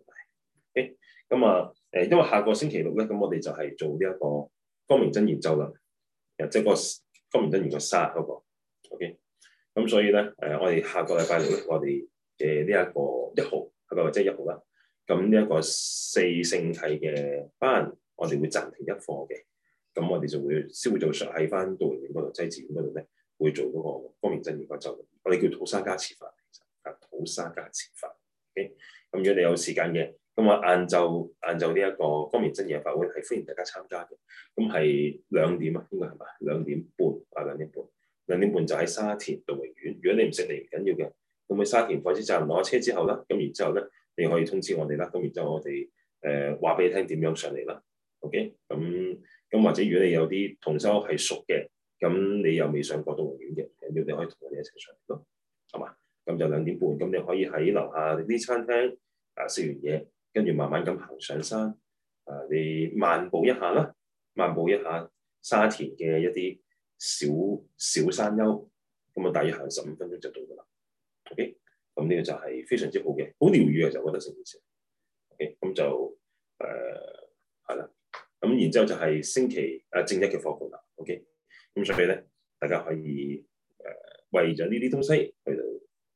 OK 咁啊誒，因為下個星期六咧，咁、嗯、我哋就係做呢一個光明真言咒啦。誒，即係嗰個光明真言嘅沙嗰、那個 OK、嗯。咁所以咧誒、呃，我哋下個禮拜六咧，我哋嘅呢一個一號係咪，或者一號啦。咁呢一個四聖諦嘅班，我哋會暫停一課嘅。咁、嗯、我哋就會先會做上係翻杜演嗰度、濟志院嗰度咧，會做嗰個光明真言咒。我哋叫土山加持。沙格寺法，OK，咁、嗯、如果你有時間嘅，咁啊晏晝晏晝呢一個光明真言法會係歡迎大家參加嘅，咁係兩點啊，應該係咪兩點半啊兩點半，兩點半就喺沙田道榮苑。如果你唔識嚟唔緊要嘅，咁去沙田火車站攞車之後啦，咁然之後咧你可以通知我哋啦，咁然之後我哋誒話俾你聽點樣上嚟啦，OK，咁咁或者如果你有啲同修係熟嘅，咁你又未上過道榮苑嘅唔緊要，你可以同我哋一齊上嚟咯。咁、嗯、就兩點半，咁、嗯、你可以喺樓下啲餐廳啊食完嘢，跟住慢慢咁行上山，啊你漫步一下啦，漫步一下沙田嘅一啲小小山丘，咁、嗯、啊大約行十五分鐘就到噶啦。OK，咁、嗯、呢、這個就係非常之好嘅，好療癒嘅就覺得成件事。OK，咁、嗯、就誒係啦。咁、呃嗯、然之後就係星期啊、呃、正一嘅課本啦。OK，咁、嗯、所以咧，大家可以誒、呃、為咗呢啲東西去到。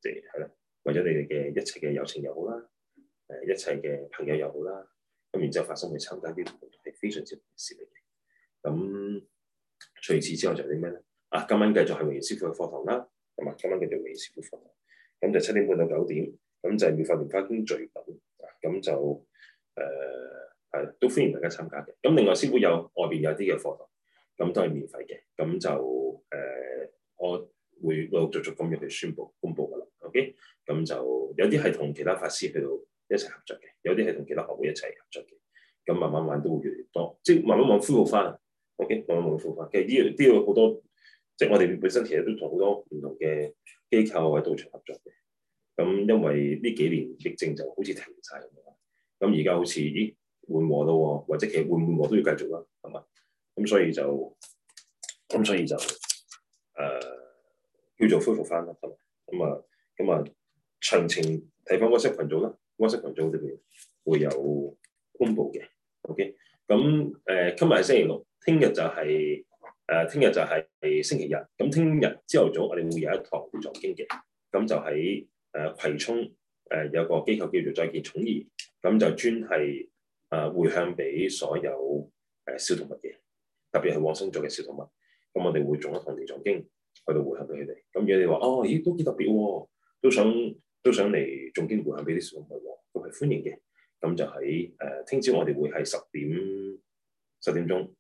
即係啦，為咗你哋嘅一切嘅友情又好啦，誒、呃、一切嘅朋友又好啦，咁然之後發生去參加啲活動係非常之好事嚟嘅。咁除此之外就係啲咩咧？啊，今晚繼續係微譽師嘅課堂啦，係嘛？今晚繼續微譽師傅課堂，咁就七點半到九點，咁就妙法蓮花經聚講，咁就誒係都歡迎大家參加嘅。咁另外師傅有外邊有啲嘅課堂，咁都係免費嘅，咁就誒我會陸陸續、嗯、續咁入去宣佈公佈。嗯咁就有啲係同其他法師去到一齊合作嘅，有啲係同其他學會一齊合作嘅。咁慢慢慢都會越嚟越多，即係慢慢慢恢復翻。O.K. 慢慢恢復翻。其實呢啲要好多，即係我哋本身其實都同好多唔同嘅機構或者道場合作嘅。咁因為呢幾年疫症就好似停晒咁樣，咁而家好似咦緩和啦喎，或者其實緩唔緩和都要繼續啦，係咪？咁所以就咁所以就誒、呃、叫做恢復翻啦，咁咁啊。咁啊，詳情睇翻 WhatsApp 群組啦，WhatsApp 群組嗰邊會有公布嘅。OK，咁誒、呃，今日係星期六，聽日就係、是、誒，聽、呃、日就係星期日。咁聽日朝頭早，我哋會有一堂地藏經嘅，咁就喺誒、呃、葵涌誒、呃、有個機構叫做再見寵兒，咁就專係誒回向俾所有誒、呃、小動物嘅，特別係往生組嘅小動物。咁我哋會做一堂地藏經去到回向俾佢哋。咁如果你話哦，咦都幾特別喎～都想都想嚟誦經迴向俾啲小朋友，都係歡迎嘅。咁就喺誒聽朝我哋會係十點十點鐘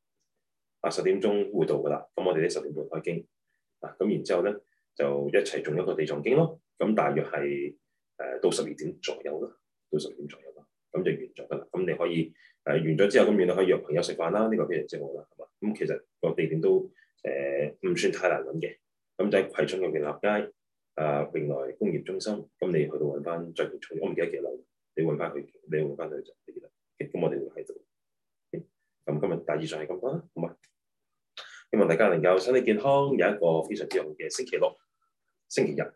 啊，十點鐘會到噶啦。咁我哋咧十點半開經啊，咁然之後咧就一齊誦一個地藏經咯。咁大約係誒、呃、到十二點左右咯，到十二點左右啦。咁就完咗噶啦。咁你可以誒、呃、完咗之後咁，原、嗯、來可以約朋友食飯啦。呢、這個非常之好啦，係嘛？咁其實個地點都誒唔、呃、算太難揾嘅。咁就喺葵涌入面立街。啊，永來工業中心，咁你去到揾翻最尾，我唔記得幾樓，你揾翻佢，你揾翻佢就幾多？咁我哋會喺度。咁、okay? 今日大致上係咁多啦，好嘛？希望大家能夠身體健康，有一個非常之好嘅星期六、星期日，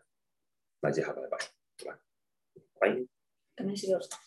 乃至下個禮拜，拜，拜嘛？拜，今日、嗯嗯